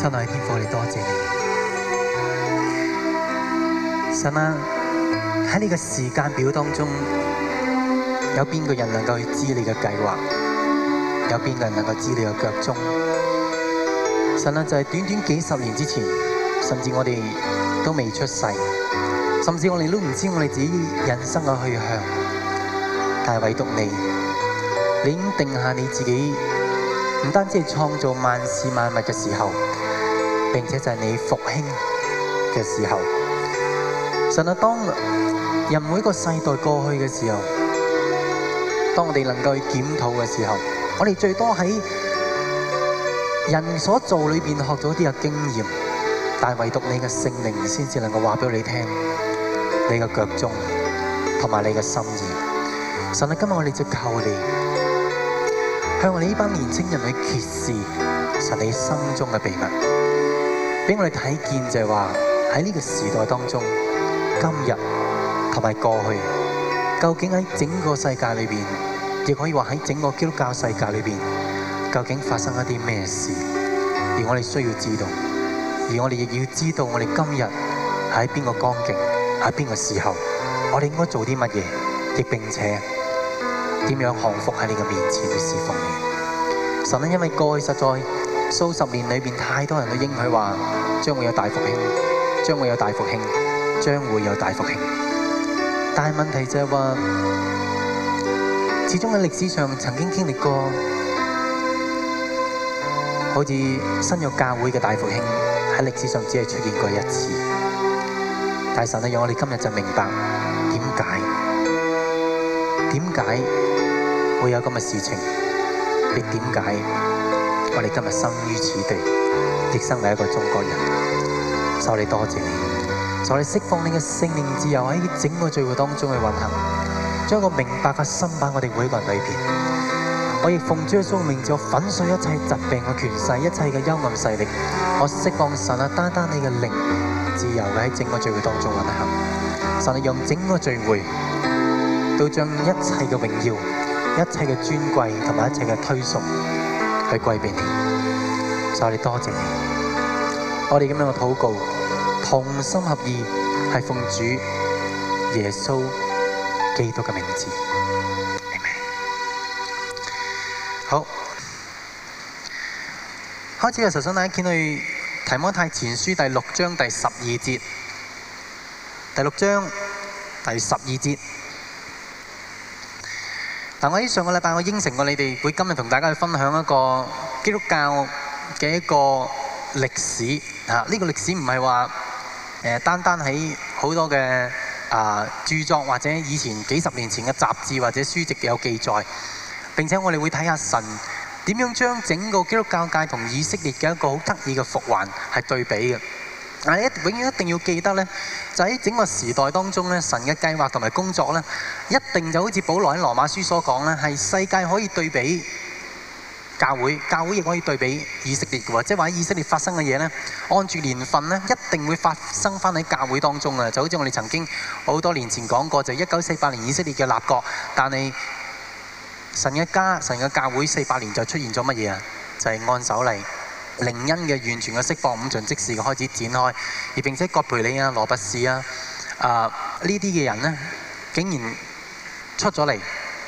真係天父，我哋多謝你。神啊！喺你嘅時間表當中，有邊個人能夠去知你嘅計劃？有邊個人能夠知你嘅腳蹤？神啊，就係、是、短短幾十年之前，甚至我哋都未出世，甚至我哋都唔知我哋自己人生嘅去向。但係唯獨你，你已經定下你自己，唔單止係創造萬事萬物嘅時候。並且就是你復興嘅時候，神啊，當人每一個世代過去嘅時候，當我哋能夠去檢討嘅時候，我哋最多喺人所做裏面學咗啲嘅經驗，但唯獨你嘅聖靈先至能夠話俾你聽，你嘅腳蹤同埋你嘅心意。神啊，今日我哋就靠你向我哋呢班年輕人去揭示神你心中嘅秘密。俾我哋睇見就係話，喺呢個時代當中，今日同埋過去，究竟喺整個世界裏邊，亦可以話喺整個基督教世界裏邊，究竟發生咗啲咩事？而我哋需要知道，而我哋亦要知道我哋今日喺邊個光景，喺邊個時候，我哋應該做啲乜嘢？亦並且點樣降服喺你嘅面前去侍奉你？神呢？因為過去實在數十年裏邊，太多人都應許話。將會有大復興，將會有大復興，將會有大復興。但問題就係、是、話，始終喺歷史上曾經經歷過，好似新約教會嘅大復興喺歷史上只係出現過一次。但係神讓我哋今日就明白點解，點解會有咁嘅事情？亦點解我哋今日生於此地，亦生為一個中國人？求你多謝，求你釋放你嘅聖靈自由喺整個聚會當中去運行，將個明白嘅心擺喺我哋每個人裏面。我亦奉主嘅生命，叫我粉碎一切疾病嘅權勢，一切嘅幽暗勢力。我釋放神啊，單單你嘅靈自由喺整個聚會當中運行。神你用整個聚會，都將一切嘅榮耀、一切嘅尊貴同埋一切嘅推崇去歸俾你。求你多謝，我哋咁樣嘅禱告。同心合意，係奉主耶穌基督嘅名字。Amen。好，開始嘅時候想大家揭去提摩太前書第六章第十二節。第六章第十二節。但我喺上個禮拜我應承過你哋，會今日同大家去分享一個基督教嘅一個歷史。吓，呢個歷史唔係話。誒、呃、單單喺好多嘅、呃、著作或者以前幾十年前嘅雜誌或者書籍有記載，並且我哋會睇下神點樣將整個基督教界同以色列嘅一個好得意嘅復還係對比嘅。啊，永遠一定要記得呢，就喺整個時代當中咧，神嘅計劃同埋工作呢，一定就好似保羅喺羅馬書所講咧，係世界可以對比。教會，教會亦可以對比以色列嘅喎，即係話以色列發生嘅嘢呢，按住年份呢，一定會發生返喺教會當中啊！就好似我哋曾經好多年前講過，就係一九四八年以色列嘅立國，但係神嘅家、神嘅教會四八年就出現咗乜嘢啊？就係、是、按手禮、靈恩嘅完全嘅釋放、五旬即時嘅開始展開，而並且葛培理啊、羅拔士啊、呢啲嘅人呢，竟然出咗嚟。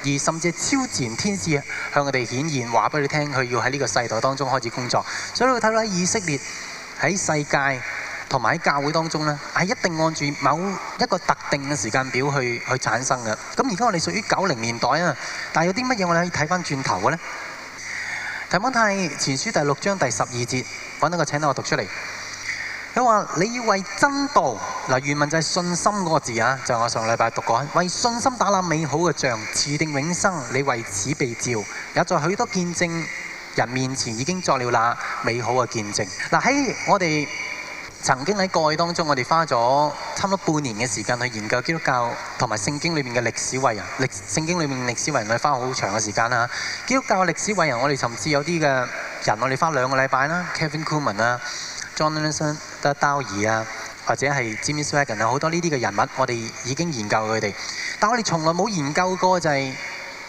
而甚至超前天使向我哋顯現，話俾你聽，佢要喺呢個世代當中開始工作。所以你睇到喺以色列、喺世界同埋喺教會當中呢，係一定按住某一個特定嘅時間表去去產生嘅。咁而家我哋屬於九零年代啊，但係有啲乜嘢我哋可以睇翻轉頭嘅呢？睇翻提摩太前書第六章第十二節，揾到個請請我讀出嚟。佢話：你要為真道，嗱，原文就係信心嗰個字啊！就係、我上個禮拜讀過，為信心打那美好嘅仗，持定永生，你為此被召，也在許多見證人面前已經作了那美好嘅見證。嗱，喺我哋曾經喺過去當中，我哋花咗差唔多半年嘅時間去研究基督教同埋聖經裏面嘅歷史偉人。聖經裏面嘅歷史偉人，我哋花好長嘅時間啦。基督教嘅歷史偉人，我哋甚至有啲嘅人，我哋花兩個禮拜啦，Kevin Cooman 啊。John Nelson Darby 啊,或者係 Jimmy Swaggart 啊，好多呢啲嘅人物，我哋已經研究佢哋，但我哋從來冇研究過就係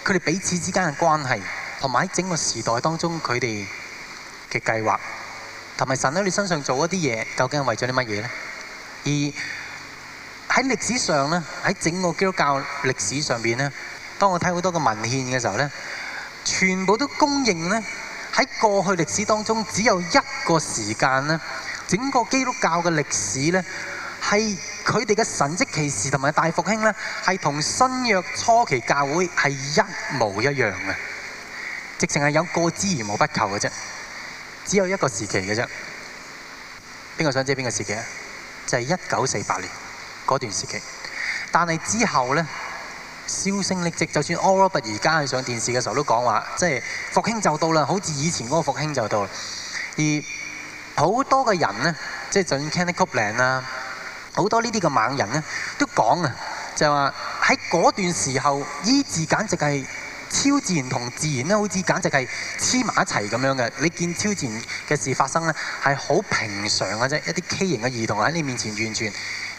佢哋彼此之間嘅關係，同埋喺整個時代當中佢哋嘅計劃，同埋神喺你身上做一啲嘢，究竟係為咗啲乜嘢呢？而喺歷史上呢，喺整個基督教歷史上邊呢，當我睇好多個文獻嘅時候呢，全部都公認呢。喺過去歷史當中，只有一個時間，整個基督教嘅歷史呢，係佢哋嘅神蹟奇事同埋大復興呢，係同新約初期教會係一模一樣嘅，直情係有過之而無不及嘅啫。只有一個時期嘅啫，邊個想知邊個時期？就係一九四八年嗰段時期，但係之後呢。銷聲匿跡，就算奧巴馬而家去上電視嘅時候都講話，即係復興就到啦，好似以前嗰個復興就到了。而好多嘅人呢，就算 Kenneth Copeland 啦，好多呢啲嘅猛人呢，都講啊，就話喺嗰段時候，醫治簡直係超自然同自然咧，好似簡直係黐埋一齊咁樣嘅。你見超自然嘅事發生呢，係好平常嘅啫，一啲畸形嘅兒童喺你面前完全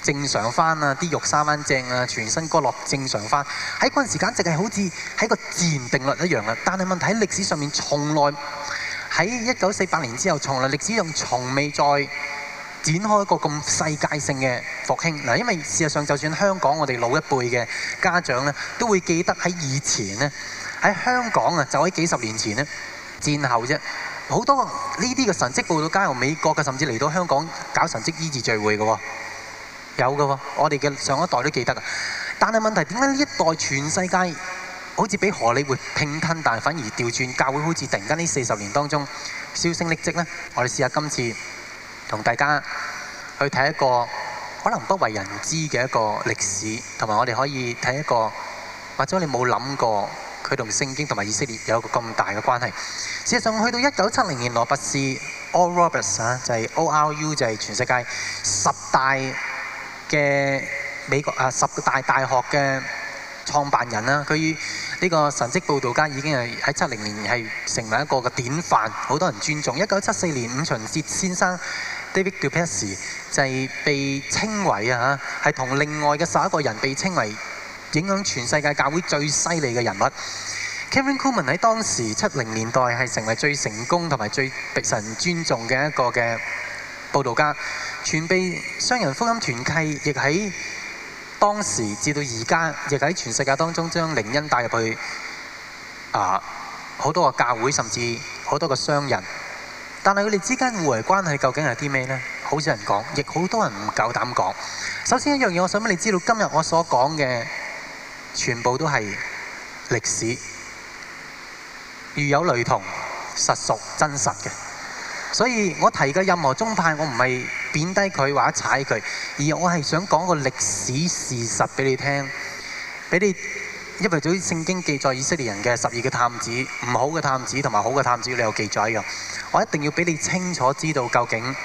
正常翻啊！啲肉生翻正啊！全身骨骼正常翻，喺嗰陣時簡直係好似喺個自然定律一樣啊。但係問題喺歷史上面從來喺一九四八年之後，從來歷史上從未再展開過咁世界性嘅復興嗱。因為事實上就算香港我哋老一輩嘅家長呢，都會記得喺以前呢，喺香港啊，就喺幾十年前呢，戰後啫，好多呢啲嘅神跡報道加入美國嘅，甚至嚟到香港搞神跡醫治聚會嘅喎。有嘅喎，我哋嘅上一代都記得㗎。但係問題點解呢一代全世界好似畀荷里活拼吞，但反而調轉教會好似突然間呢四十年當中銷聲匿跡呢？我哋試下今次同大家去睇一個可能不為人知嘅一個歷史，同埋我哋可以睇一個或者你冇諗過佢同聖經同埋以色列有一個咁大嘅關係。事實上去到一九七零年羅伯斯 Oral Roberts 啊，就係、是、O.R.U. 就係全世界十大。嘅美國啊，十個大大學嘅創辦人啦，佢呢個神蹟報導家已經係喺七零年係成為一個嘅典範，好多人尊重。一九七四年，五旬節先生 （David du Plessis） 就係被稱為啊，係同另外嘅十一個人被稱為影響全世界教會最犀利嘅人物。Kathryn Kuhlman 喺當時七零年代係成為最成功同埋最被神尊重嘅一個嘅報導家。全備商人福音團契，亦喺當時至到而家，亦喺全世界當中將靈恩帶入去啊好多個教會，甚至好多個商人。但係佢哋之間互為關係，究竟係啲咩呢？好少人講，亦好多人唔夠膽講。首先一樣嘢，我想畀你知道今日我所講嘅全部都係歷史，如有雷同，實屬真實嘅。所以我提嘅任何宗派，我唔係貶低佢或者踩佢，而我係想講個歷史事實俾你聽。俾你因為早啲聖經記載以色列人嘅十二個探子，唔好嘅探子同埋好嘅探子，你有記載嘅，我一定要俾你清楚知道究竟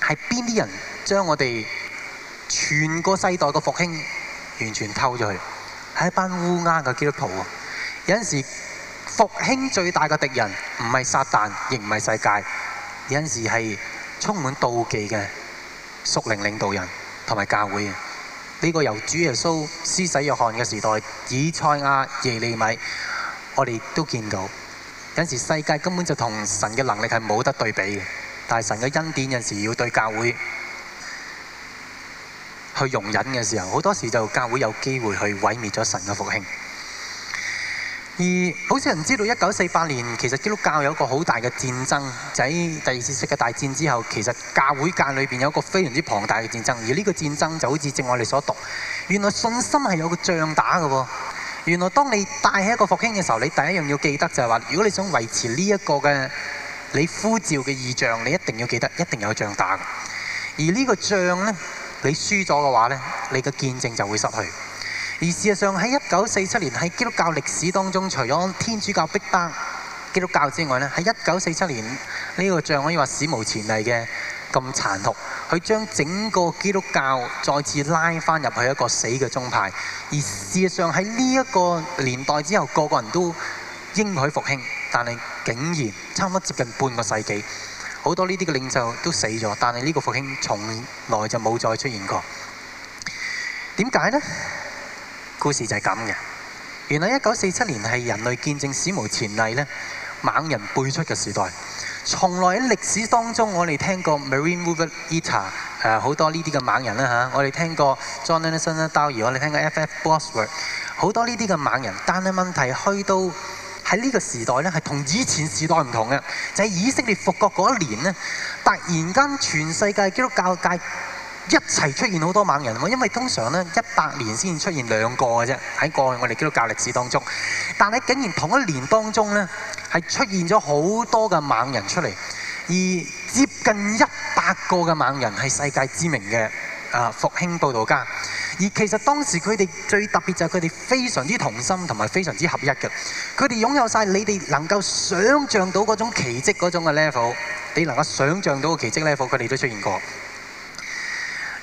係邊啲人將我哋全個世代嘅復興完全偷咗去，係一班烏鴉嘅基督徒啊！有陣時，復興最大嘅敵人唔係撒旦，亦唔係世界。有陣時係充滿妒忌嘅屬靈領導人同埋教會，呢個由主耶穌施洗約翰嘅時代，以賽亞、耶利米，我哋都見到。有陣時世界根本就同神嘅能力係冇得對比嘅，但係神嘅恩典有陣時要對教會去容忍嘅時候，好多時就教會有機會去毀滅咗神嘅復興。而好少人知道，一九四八年其實基督教有一個好大嘅戰爭，就喺第二次世界大戰之後，其實教會界裏面有一個非常之龐大嘅戰爭。而呢個戰爭就好似正我哋所讀，原來信心係有個仗打嘅喎。原來當你帶起一個福音嘅時候，你第一樣要記得就係話，如果你想維持呢一個嘅你呼召嘅異象，你一定要記得，一定有仗打嘅。而呢個仗呢，你輸咗嘅話呢，你嘅見證就會失去。而事實上喺一九四七年喺基督教歷史當中，除咗天主教、逼得基督教之外咧，喺一九四七年呢、呢個仗可以話史無前例嘅咁殘酷，佢將整個基督教再次拉翻入去一個死嘅宗派。而事實上喺呢一個年代之後，個個人都應許復興，但係竟然差唔多接近半個世紀，好多呢啲嘅領袖都死咗，但係呢個復興從來就冇再出現過。點解呢？故事就係咁嘅。原來一九四七年係人類見證史無前例咧猛人輩出嘅時代。從來喺歷史當中我、e ater，呃啊，我哋聽過 Maria Woodworth-Etter 誒好多呢啲嘅猛人啦嚇。我哋聽過 John Alexander Dowie，我哋聽過 FF Bosworth，好多呢啲嘅猛人。但係問題去到喺呢個時代咧，係同以前時代唔同嘅。就係、是、以色列復國嗰一年呢，突然間全世界基督教界。一齊出現好多猛人，因為通常咧一百年先出現兩個嘅啫，喺過去我哋基督教歷史當中。但係竟然同一年當中咧，係出現咗好多嘅猛人出嚟，而接近一百個嘅猛人係世界知名嘅啊復興佈道家。而其實當時佢哋最特別就係佢哋非常之同心同埋非常之合一嘅，佢哋擁有晒你哋能夠想像到嗰種奇蹟嗰種嘅 level，你能夠想像到嘅奇蹟的 level，佢哋都出現過。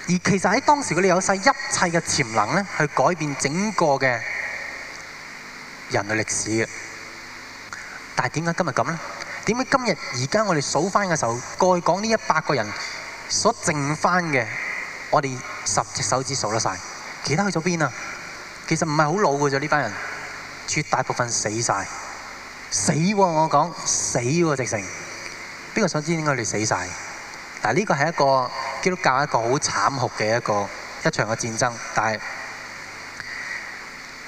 而其實喺當時佢哋有晒一切嘅潛能咧，去改變整個嘅人類歷史嘅。但係點解今日咁咧？點解今日而家我哋數翻嘅時候，過去講呢一百個人所剩翻嘅，我哋十隻手指數得晒？其他去咗邊啊？其實唔係好老嘅啫，呢班人，絕大部分死晒，死喎、啊、我講，死喎、啊、直情，邊個想知點解佢哋死晒？嗱，呢個係一個基督教一個好慘酷嘅一個一場嘅戰爭，但係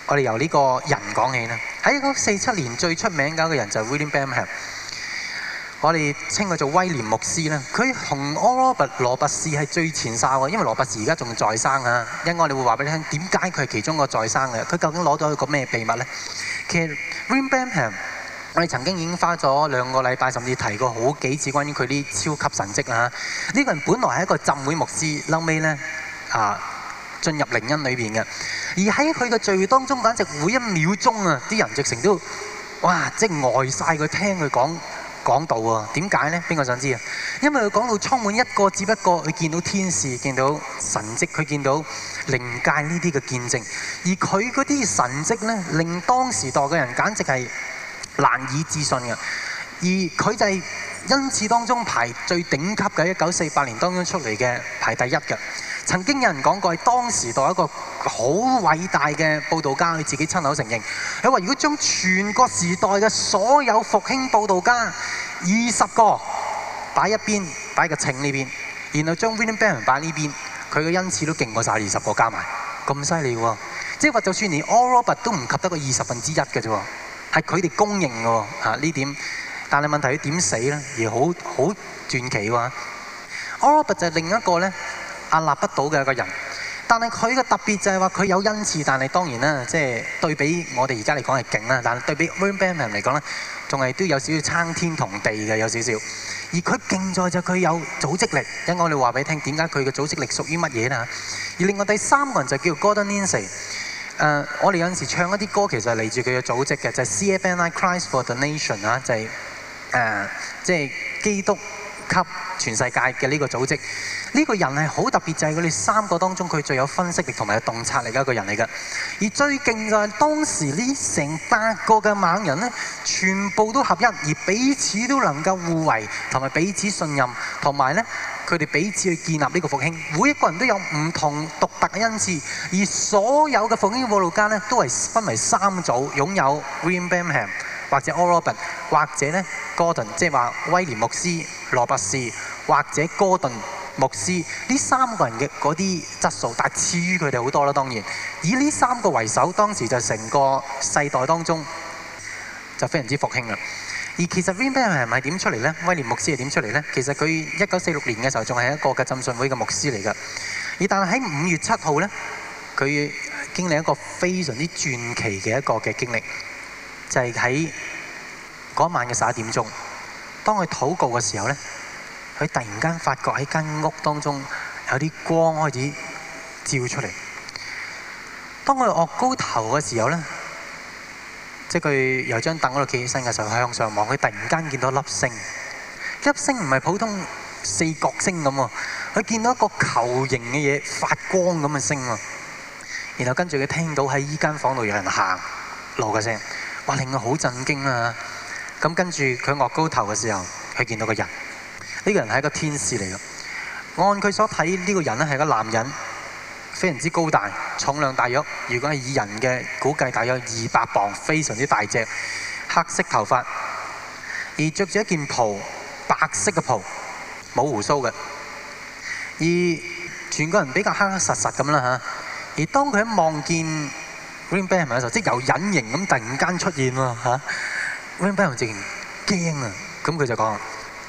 我哋由呢個人講起啦。喺嗰四七年最出名嘅一個人就係 William Branham，我哋稱佢做威廉牧師啦。佢同 Oral 羅伯斯係最前哨嘅，因為羅伯斯而家仲在生啊。因為我哋會話俾你聽，點解佢係其中一個在生嘅？佢究竟攞到一個咩秘密呢？其實 William Branham。我哋曾經已經花咗兩個禮拜，甚至提過好幾次關於佢啲超級神蹟啦，呢個人本來係一個浸會牧師。後尾呢，啊進入靈恩裏邊嘅。而喺佢嘅聚會當中，簡直每一秒鐘啊，啲人直成都哇，即係呆曬佢聽佢講講道啊，點解呢？邊個想知啊？因為佢講到充滿一,一個，只不過佢見到天使，見到神蹟，佢見到靈界呢啲嘅見證。而佢嗰啲神蹟呢，令當時代嘅人簡直係～難以置信嘅，而佢就係恩賜當中排最頂級嘅，一九四八年當中出嚟嘅排第一嘅。曾經有人講過，係當時代有一個好偉大嘅佈道家，佢自己親口承認。佢話：如果將全國時代嘅所有復興佈道家二十個擺一邊，擺個秤呢邊，然後將 William Branham 擺呢邊，佢嘅恩賜都勁過晒二十個加埋，咁犀利喎！即係話，就算連 Oral Roberts 都唔及得個二十分之一嘅啫。係佢哋公認嘅喎，呢、啊、點？但係問題佢點死咧？而好好傳奇喎。Robert 就係另一個咧，屹立不倒嘅一個人，但係佢嘅特別就係話佢有恩賜，但係當然啦，即、就、係、是、對比我哋而家嚟講係勁啦，但係對比 Rainbow 人嚟講咧，仲係都有少少撐天同地嘅有少少。而佢勁在就佢有組織力，因我哋話俾你聽，點解佢嘅組織力屬於乜嘢咧？而另外第三個人就叫 Gordon Lindsay。Uh, 我哋有陣時唱一啲歌，其實嚟自佢嘅組織嘅，就係、是、CFNI, Christ for the Nation 就是係、uh, 基督級全世界嘅呢個組織。呢個人係好特別，就係佢哋三個當中，佢最有分析力同埋洞察力嘅一個人嚟嘅。而最勁就係當時呢成八個嘅猛人呢，全部都合一，而彼此都能夠互為同埋彼此信任，同埋呢，佢哋彼此去建立呢個復興。每一個人都有唔同獨特嘅恩賜，而所有嘅復興佈道家呢，都係分為三組，擁有 William Bingham 或者 Oliver 或者呢 Gordon，即係話威廉牧師、羅伯斯。或者哥頓牧師呢三個人嘅嗰啲質素，大於佢哋好多啦。當然，以呢三個為首，當時就成個世代當中就非常之復興啦。而其實 Branham 係咪點出嚟呢？威廉牧師係點出嚟呢？其實佢一九四六年嘅時候仲係一個嘅浸信會嘅牧師嚟㗎。而但係喺五月七號呢，佢經歷一個非常之傳奇嘅一個嘅經歷，就係喺嗰晚嘅十一點鐘，當佢禱告嘅時候呢。佢突然間發覺喺間屋當中有啲光開始照出嚟。當佢昂高頭嘅時候呢，即係佢由張凳嗰度企起身嘅時候向上望，佢突然間見到粒星。粒星唔係普通四角星咁喎，佢見到一個球形嘅嘢發光咁嘅星喎。然後跟住佢聽到喺依間房度有人行路嘅聲哇，哇令佢好震驚啊！咁跟住佢昂高頭嘅時候，佢見到個人。呢個人係一個天使嚟嘅。按佢所睇，呢、呢個人咧係個男人，非常之高大，重量大約，如果係以人嘅估計，大約二百磅，非常之大隻。黑色頭髮，而着住一件袍，白色嘅袍，冇鬍鬚嘅。而全個人比較黑黑實實咁啦嚇。而當佢喺望見 Green Bear 嘅時候，即係有隱形咁突然間出現喎嚇、啊。Green Bear 直仲驚啊，咁佢就講：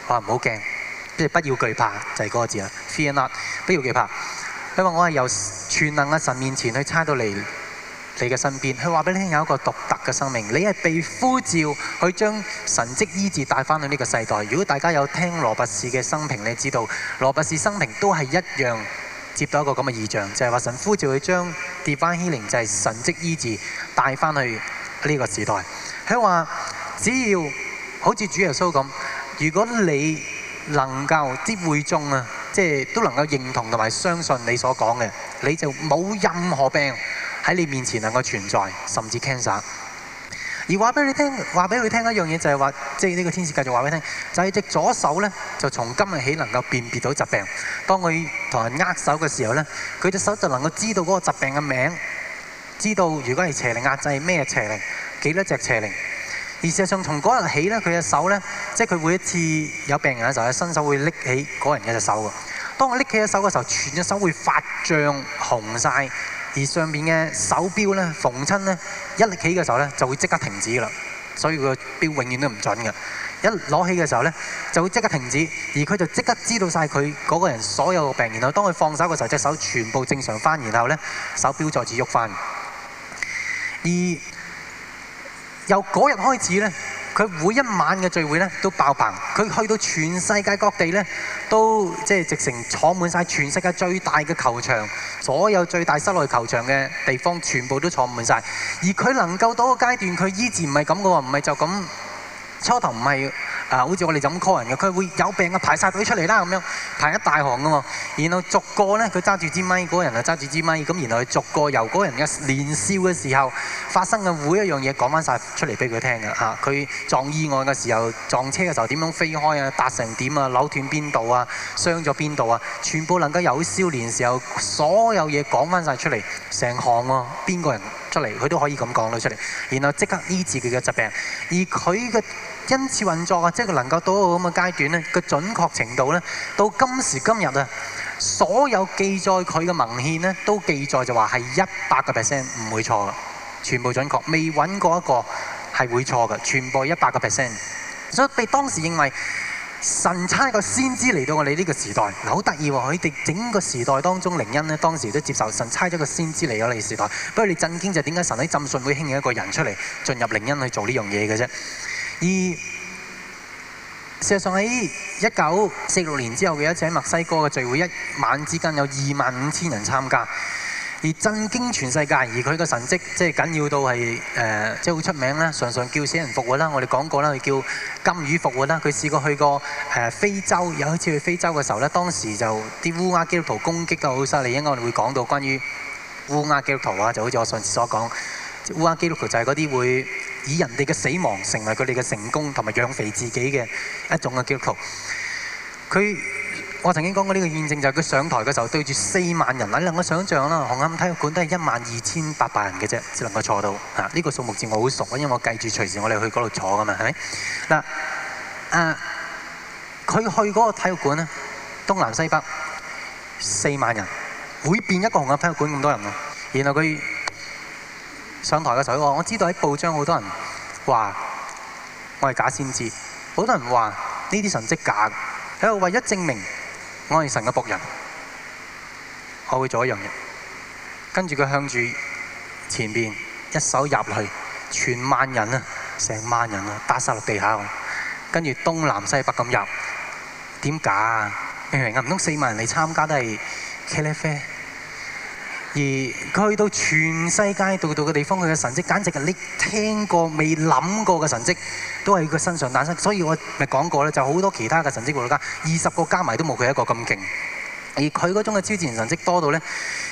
話唔好驚。即係不要懼怕，就係嗰個字啦。Fear not，不要懼怕。佢話：我係由全能嘅神面前去差到嚟你嘅身邊。佢話：俾你聽有一個獨特嘅生命，你係被呼召去將神蹟醫治帶翻去呢個世代。如果大家有聽羅拔士嘅生平，你知道羅拔士生平都係一樣接到一個咁嘅異象，就係話神呼召去將 Divine healing，就係神蹟醫治帶翻去呢個時代。佢話：只要好似主耶穌咁，如果你能夠啲會中啊，即係都能夠認同同埋相信你所講嘅，你就冇任何病喺你面前能夠存在，甚至 cancer。而話俾你聽，話俾佢聽一樣嘢就係話，即係呢個天使繼續話俾你聽，就係隻左手呢，就從今日起能夠辨別到疾病。當佢同人握手嘅時候呢，佢隻手就能夠知道嗰個疾病嘅名，知道如果係邪靈壓制咩邪靈，幾多隻邪靈。而事實上，從嗰日起呢，佢隻手呢，即係佢每一次有病人嘅時候，伸手會拎起嗰人嘅隻手㗎。當佢拎起隻手嘅時候，全隻手會發脹紅晒。而上面嘅手錶呢，逢親呢，一拎起嘅時候呢，就會即刻停止㗎啦。所以佢個錶永遠都唔準嘅。一攞起嘅時候呢，就會即刻停止，而佢就即刻知道晒佢嗰個人所有嘅病。然後當佢放手嘅時候，隻手全部正常翻，然後呢，手錶再次喐翻。而由嗰日開始咧，佢每一晚嘅聚會咧都爆棚。佢去到全世界各地咧，都即係直情坐滿晒全世界最大嘅球場，所有最大室內球場嘅地方全部都坐滿晒。而佢能夠到個階段，佢依然唔係咁嘅喎，唔係就咁。初頭唔係啊，好似我哋就咁 call 人嘅，佢會有病啊，排晒隊出嚟啦，咁樣排一大行噶嘛。然後逐個呢，佢揸住支咪，嗰個人啊揸住支咪。咁然後逐個由嗰人嘅年少嘅時候發生嘅每一樣嘢講翻晒出嚟俾佢聽嘅嚇。佢、啊、撞意外嘅時候，撞車嘅時候點樣飛開啊？搭成點啊？扭斷邊度啊？傷咗邊度啊？全部能夠有少年的時候所有嘢講翻晒出嚟，成行喎，邊個人出嚟佢都可以咁講到出嚟。然後即刻醫治佢嘅疾病，而佢嘅。因此運作啊，即係佢能夠到到咁嘅階段咧，個準確程度咧，到今時今日啊，所有記載佢嘅文獻咧，都記載就話係一百個 percent 唔會錯嘅，全部準確，未揾過一個係會錯嘅，全部一百個 percent。所以被當時認為神差一個先知嚟到我哋呢個時代，嗱好得意喎！佢哋整個時代當中，靈恩呢當時都接受神差咗個先知嚟我哋時代。不過你震驚就係點解神喺浸信會興起一個人出嚟進入靈恩去做呢樣嘢嘅啫？而事實上喺一九四六年之後嘅一次喺墨西哥嘅聚會，一晚之間有二萬五千人參加，而震驚全世界。而佢嘅神跡即係緊要到係誒，即係好出名啦，常常叫死人復活啦，我哋講過啦，佢叫金魚復活啦。佢試過去過誒非洲，有一次去非洲嘅時候呢，當時就啲烏鴉基督徒攻擊得好犀利。應該我哋會講到關於烏鴉基督徒啊，就好似我上次所講，烏鴉基督徒就係嗰啲會。以人哋嘅死亡成為佢哋嘅成功同埋養肥自己嘅一種嘅結構。佢，我曾經講過呢個見證就係佢上台嘅時候對住四萬人，你能夠想像啦，紅磡體育館都係一萬二千八百人嘅啫，只能夠坐到。嚇，呢個數目字我好熟，因為我計住隨時我哋去嗰度坐噶嘛，係咪？嗱，啊，佢去嗰個體育館啊，東南西北四萬人，每邊一個紅磡體育館咁多人嗎？然後佢。上台嘅時候，我知道喺報章好多人話我係假先知，好多人話呢啲神跡，假，喺度為咗證明我係神嘅僕人，我會做一樣嘢。跟住佢向住前邊一手入去，全萬人啊，成萬人啊，打晒落地下。跟住東南西北咁入，點假啊？明唔明啊？唔通四萬人嚟參加都係茄哩啡？A 而佢去到全世界度度嘅地方，佢嘅神蹟簡直係你聽過未諗過嘅神蹟，都係佢身上誕生。所以我咪講過咧，就好、是、多其他嘅神蹟記錄家，二十個加埋都冇佢一個咁勁，而佢嗰種嘅超自然神蹟多到咧，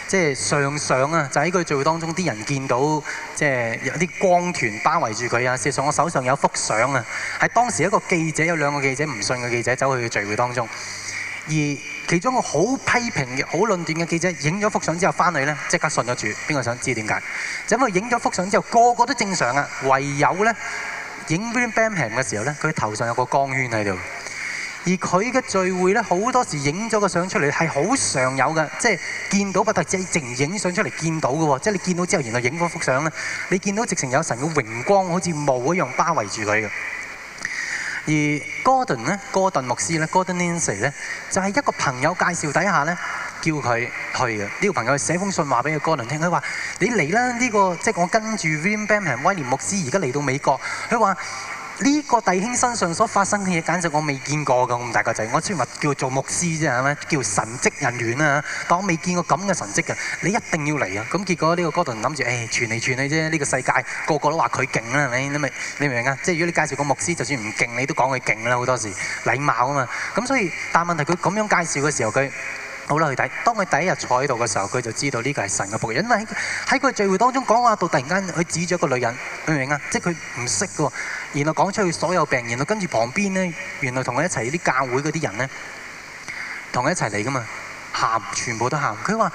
即係上上啊，就喺佢聚會當中，啲人見到即係有啲光團包圍住佢啊。事實上我手上有幅相啊，係當時一個記者有兩個記者唔信嘅記者走去佢聚會當中，而。其中一個好批評嘅，好論斷嘅記者，影咗幅相之後翻去咧，即刻信咗住。邊個想知點解？就因為影咗幅相之後，個個都正常啊。唯有咧影 Branham 嘅時候咧，佢頭上有個光圈喺度。而佢嘅聚會咧，好多時影咗個相出嚟係好常有嘅，即係見到不特止直影相出嚟見到嘅喎，即係你見到之後，然後影咗幅相咧，你見到直情有神嘅榮光，好似霧一樣包圍住佢嘅。而 Gordon, Gordon 牧師 Gordon Lindsay 呢就係一個朋友介紹底下叫佢去嘅。呢個朋友寫封信話俾 Gordon 聽，佢話：你嚟啦！呢個即係我跟住 William Branham· 威廉牧師而家嚟到美國。佢話。呢個弟兄身上所發生嘅嘢，簡直我未見過㗎！咁大個仔，我雖然話叫做牧師啫，係咪叫神職人員啊？但我未見過咁嘅神蹟啊。你一定要嚟啊！咁結果呢個哥頓諗住，誒傳嚟傳去啫，呢、呢個世界個個都話佢勁啦，你你咪你明啊？即係如果你介紹個牧師，就算唔勁，你都講佢勁啦，好多時禮貌啊嘛。咁所以，但問題佢咁樣介紹嘅時候，佢。好啦，去睇，當佢第一日坐喺度嘅時候，佢就知道呢個係神嘅僕人。因為喺佢嘅聚會當中講話到，突然間佢指住一個女人，明唔明啊？即係佢唔識嘅。然後講出佢所有病，然後跟住旁邊呢，原來同佢一齊啲教會嗰啲人呢，同佢一齊嚟㗎嘛，喊全部都喊。佢話，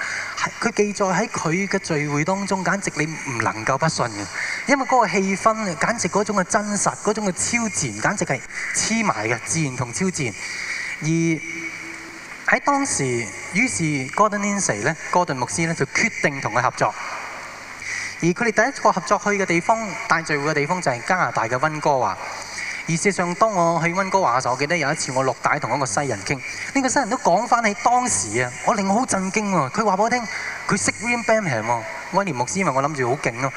佢記載喺佢嘅聚會當中，簡直你唔能夠不信嘅。因為嗰個氣氛，簡直嗰種嘅真實，嗰種嘅超自然，簡直係黐埋嘅，自然同超自然。而喺當時，於是 Gordon Lindsay，呢 Gordon 牧師呢就決定同佢合作。而佢哋第一個合作去嘅地方、大聚會嘅地方就係加拿大嘅温哥華。而事實上，當我去温哥華嘅時候，我記得有一次我落大同一個西人傾，呢、這個西人都講翻起當時啊，我令我好震驚喎。佢話畀我聽，佢識 Branham 喎，威廉牧師，因為我諗住好勁咯。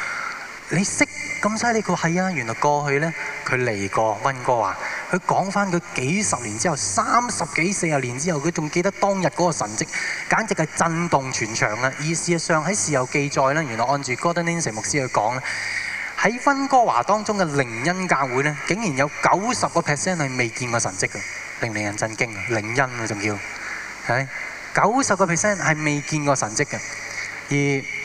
你識咁犀利？佢係啊！原來過去咧，佢嚟過温哥華。佢講翻佢幾十年之後、三十幾四十年之後，佢仲記得當日嗰個神跡，簡直係震動全場啊！而事實上，喺事後記載咧，原來按住 Godwinson 牧師去講咧，喺温哥華當中嘅靈恩教會咧，竟然有九十個 percent 係未見過神跡嘅，令令人震驚啊！靈恩啊，仲要係九十個 percent 係未見過神跡嘅，而。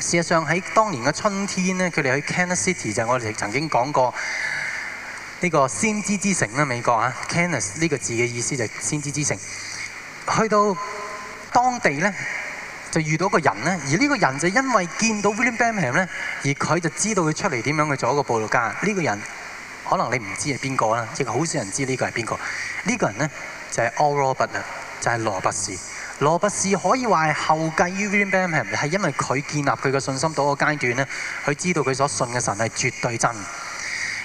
事實上喺當年嘅春天咧，佢哋去 Kansas City 就我哋曾經講過呢、這個先知之城啦，美國啊 Kansas 呢個字嘅意思就係先知之城。去到當地咧，就遇到個人咧，而呢個人就因為見到 William Branham 咧，而佢就知道佢出嚟點樣去做一個佈道家。呢、這個人可能你唔知係邊個啦，即係好少人知呢個係邊個。呢、這個人咧就係、是、Oral Roberts 啊，就係羅拔士。羅伯士可以話係後繼於 William Branham，係因為佢建立佢嘅信心到個階段呢，佢知道佢所信嘅神係絕對真的。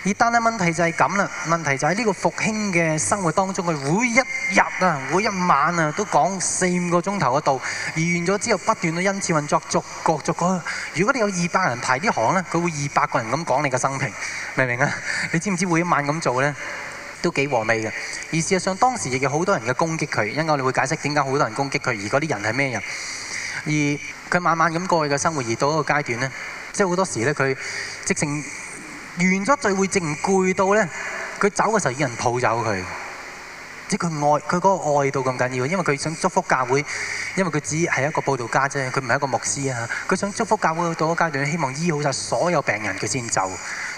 而單單問題就係咁啦，問題就喺呢個復興嘅生活當中，佢每一日啊，每一晚啊，都講四五個鐘頭嘅道。而完咗之後，不斷都恩賜運作，逐個逐個。如果你有二百人排啲行呢，佢會二百個人咁講你嘅生平，明唔明啊？你知唔知道每一晚咁做呢？都幾和味嘅，而事實上當時亦有好多人嘅攻擊佢，因為我哋會解釋點解好多人攻擊佢，而嗰啲人係咩人？而佢慢慢咁過去嘅生活，而到一個階段呢，即係好多時呢，佢直情完咗聚會，直攰到呢。佢走嘅時候已經人抱走佢，即佢愛佢嗰個愛到咁緊要，因為佢想祝福教會，因為佢只係一個佈道家啫，佢唔係一個牧師啊，佢想祝福教會到一個階段，希望醫好晒所有病人，佢先走。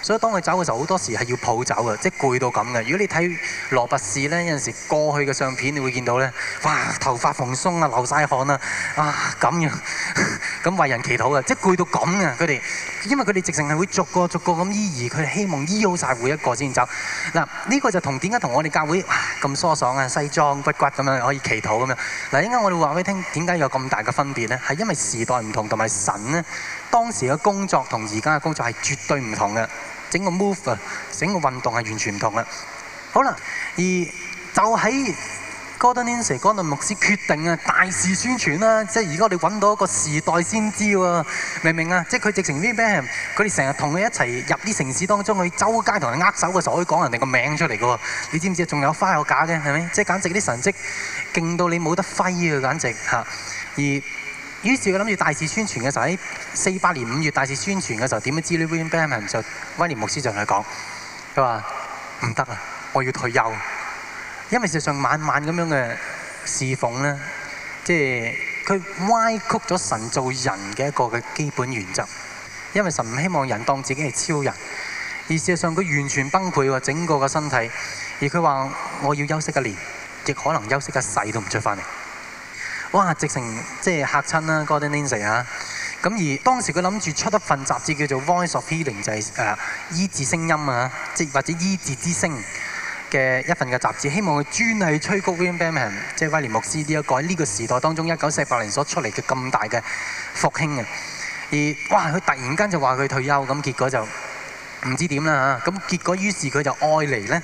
所以當佢走嘅時候，好多時係要抱走嘅，即係攰到咁嘅。如果你睇羅拔士呢，有陣時候過去嘅相片，你會見到呢：「哇，頭髮蓬鬆啊，流晒汗啊，啊咁樣，咁為人祈禱嘅，即係攰到咁嘅。佢哋因為佢哋直情係會逐個逐個咁醫治，佢哋希望醫好晒，每一個先走。嗱、啊，呢、呢個就同點解同我哋教會咁、啊、疏爽啊、西裝骨骨咁樣可以祈禱咁樣？嗱、啊，應該我哋會話俾你聽，點解有咁大嘅分別呢？係因為時代唔同，同埋神呢，當時嘅工作同而家嘅工作係絕對唔同嘅。整個 move 啊，整個運動係完全唔同啦。好啦，而就喺 Gordon 哥頓牧師決定啊，大肆宣傳啦，即係而家你揾到一個時代先知喎，明唔明啊？即係佢直情啲咩？佢哋成日同佢一齊入啲城市當中去周街同人握手嘅時候，可以講人哋個名出嚟嘅喎。你知唔知仲有花有假嘅係咪？即係簡直啲神蹟勁到你冇得揮啊！簡直嚇、啊、而。於是佢諗住大肆宣傳嘅時候，喺四八年五月大肆宣傳嘅時候，點樣知 William Benjamin 就威廉牧師就同佢講，佢話唔得啊，我要退休，因為事實上晚晚咁樣嘅侍奉呢，即係佢歪曲咗神做人嘅一個嘅基本原則，因為神唔希望人當自己係超人，而事實上佢完全崩潰喎，整個個身體，而佢話我要休息一年，亦可能休息一世都唔出翻嚟。哇！直成即係嚇親啦，Gordon Lindsay 啊，咁而當時佢諗住出一份雜誌叫做《Voice of Healing》，就係、是、誒、呃、醫治聲音啊，即或者醫治之聲嘅一份嘅雜誌，希望佢專係催谷 William，即威廉牧師呢個喺呢個時代當中一九四八年所出嚟嘅咁大嘅復興啊！而哇，佢突然間就話佢退休，咁結果就唔知點啦嚇。咁結果於是佢就愛嚟咧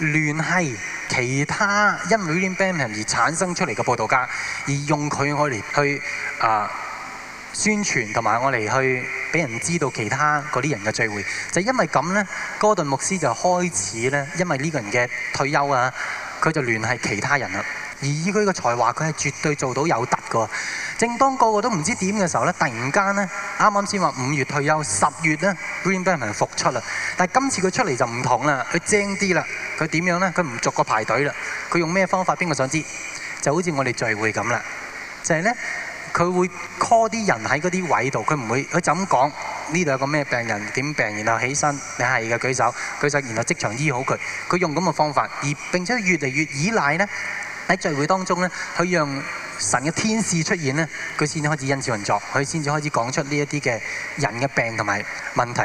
聯繫。其他因為 w i l b a n 而產生出嚟嘅報道家，而用佢我哋去啊、呃、宣傳，同埋我哋去俾人知道其他嗰啲人嘅聚會。就因為咁呢，哥頓牧師就開始呢，因為呢個人嘅退休啊，佢就聯繫其他人啦。而以佢嘅才華，佢係絕對做到有突個。正當個個都唔知點嘅時候咧，突然間呢，啱啱先話五月退休，十月咧，Greenberg 復出啦。但係今次佢出嚟就唔同啦，佢精啲啦。佢點樣呢？佢唔逐個排隊啦。佢用咩方法？邊個想知？就好似我哋聚會咁啦。就係呢，佢會 call 啲人喺嗰啲位度，佢唔會，佢就咁講，呢度有個咩病人點病，然後起身，你係嘅舉手舉手，然後即場醫好佢。佢用咁嘅方法，而並且越嚟越依賴呢。喺聚會當中咧，佢讓神嘅天使出現咧，佢先至開始恩慈運作，佢先至開始講出呢一啲嘅人嘅病同埋問題。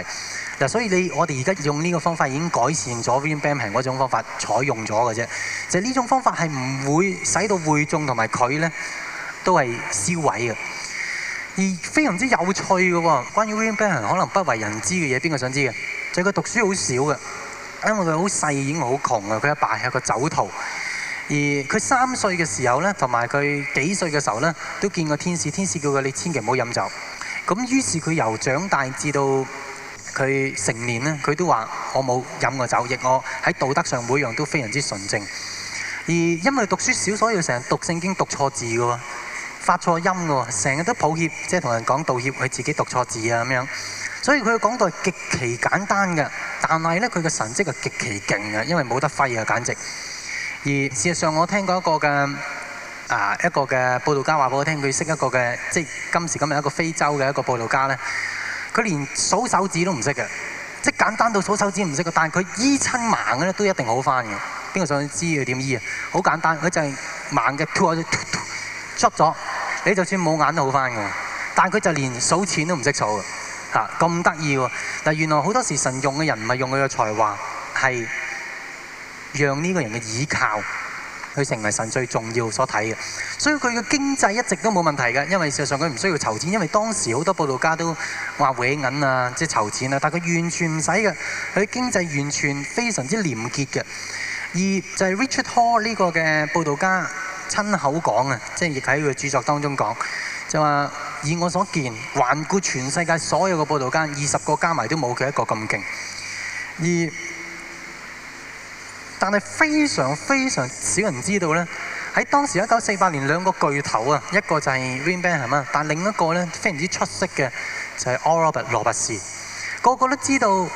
嗱，所以你我哋而家用呢個方法已經改善咗 William Branham 嗰種方法，採用咗嘅啫。就係呢種方法係唔會使到會眾同埋佢咧都係消毀嘅。而非常之有趣嘅喎，關於 William Branham 可能不為人知嘅嘢，邊個想知嘅？就係、是、佢讀書好少嘅，因為佢好細已經好窮嘅，佢阿爸係個酒徒。而佢三歲嘅時候呢，同埋佢幾歲嘅時候呢，都見過天使，天使叫佢：你千祈唔好飲酒。咁於是佢由長大至到佢成年呢，佢都話：我冇飲過酒，亦我喺道德上每樣都非常之純正。而因為佢讀書少，所以要成日讀聖經讀錯字㗎喎，發錯音㗎喎，成日都抱歉，即係同人講道歉，佢自己讀錯字啊咁樣。所以佢講到極其簡單嘅，但係呢，佢嘅神跡係極其勁嘅，因為冇得揮啊，簡直。而事實上，我聽過一個嘅啊一個嘅佈道家話俾我聽，佢識一個嘅即係今時今日一個非洲嘅一個佈道家咧，佢連數手指都唔識嘅，即係簡單到數手指唔識嘅，但係佢醫親盲嘅咧都一定好翻嘅。邊個想知佢點醫啊？好簡單，佢就係盲嘅，突突突執咗，你就算冇眼都好翻嘅。但係佢就連數錢都唔識數嘅嚇，咁得意喎！但原來好多時神用嘅人唔係用佢嘅才華，係。讓呢個人嘅倚靠，佢成為神最重要的所睇嘅，所以佢嘅經濟一直都冇問題嘅，因為事實上佢唔需要籌錢，因為當時好多報道家都話搲銀啊，即係籌錢啊，但係佢完全唔使嘅，佢經濟完全非常之廉潔嘅。而就係 Richard Hall 呢個嘅報道家親口講啊，即係亦喺佢嘅著作當中講，就話以我所見，環顧全世界所有嘅報道家，二十個加埋都冇佢一個咁勁。而但係非常非常少人知道呢。喺當時一九四八年兩個巨頭啊，一個就係 Branham 係嘛，er、ham，但另一個呢，非常之出色嘅就係 Oral Roberts Robert。個個都知道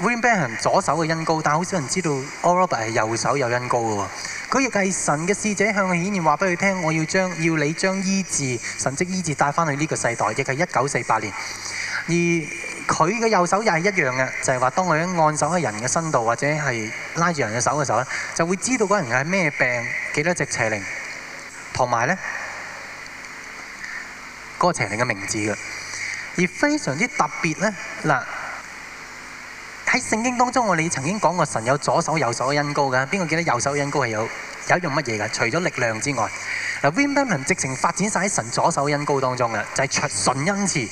Branham 左手嘅恩膏，但好少人知道 Oral Roberts 右手有恩膏嘅。佢亦係神嘅使者，向佢顯現話俾佢聽，我要將要你將醫治神蹟醫治帶翻去呢個世代，亦係一九四八年。而佢嘅右手又係一樣嘅，就係話當佢一按手喺人嘅身度，或者係拉住人嘅手嘅時候咧，就會知道嗰人係咩病，幾多隻邪靈，同埋咧嗰個邪靈嘅名字嘅。而非常之特別咧，嗱，喺聖經當中，我哋曾經講過神有左手、右手嘅恩高嘅，邊個記得右手嘅恩高係有有一樣乜嘢嘅？除咗力量之外，嗱，Wim Ben 直情發展晒喺神左手嘅恩高當中嘅，就係純恩慈。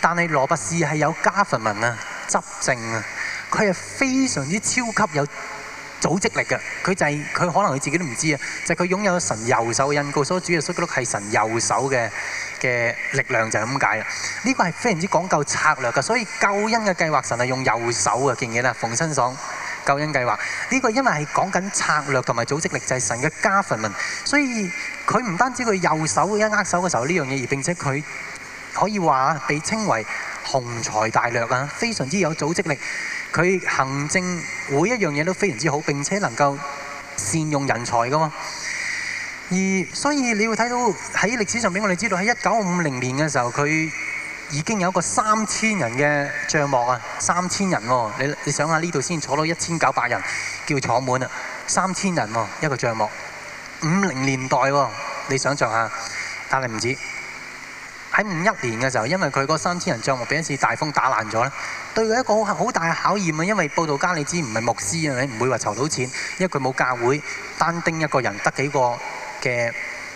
但係羅伯斯係有 government 啊、執政啊，佢係非常之超級有組織力㗎。佢就係、是、佢可能佢自己都唔知啊，就係、是、佢擁有神右手嘅恩膏。所以主要所嗰碌係神右手嘅嘅力量就係咁解啦。呢個係非常之講究策略㗎，所以救恩嘅計劃神係用右手，記唔記得啦？馮新爽救恩計劃呢、這個因為係講緊策略同埋組織力，就係、是、神嘅 government，所以佢唔單止佢右手一握手嘅時候呢樣嘢，而並且佢。可以話被稱為雄才大略啊，非常之有組織力。佢行政每一樣嘢都非常之好，並且能夠善用人才噶嘛。而所以你會睇到喺歷史上面，我哋知道喺一九五零年嘅時候，佢已經有一個三千人嘅帳幕啊，三千人喎。你你想下呢度先坐到一千九百人，叫坐滿啊，三千人喎、哦、一個帳幕。五零年代喎、哦，你想象下，但係唔止。喺五一年嘅時候，因為佢嗰三千人帳幕俾一次大風打爛咗咧，對佢一個好好大嘅考驗啊！因為布道家你知唔係牧師啊，你唔會話籌到錢，因為佢冇教會，單丁一個人得幾個嘅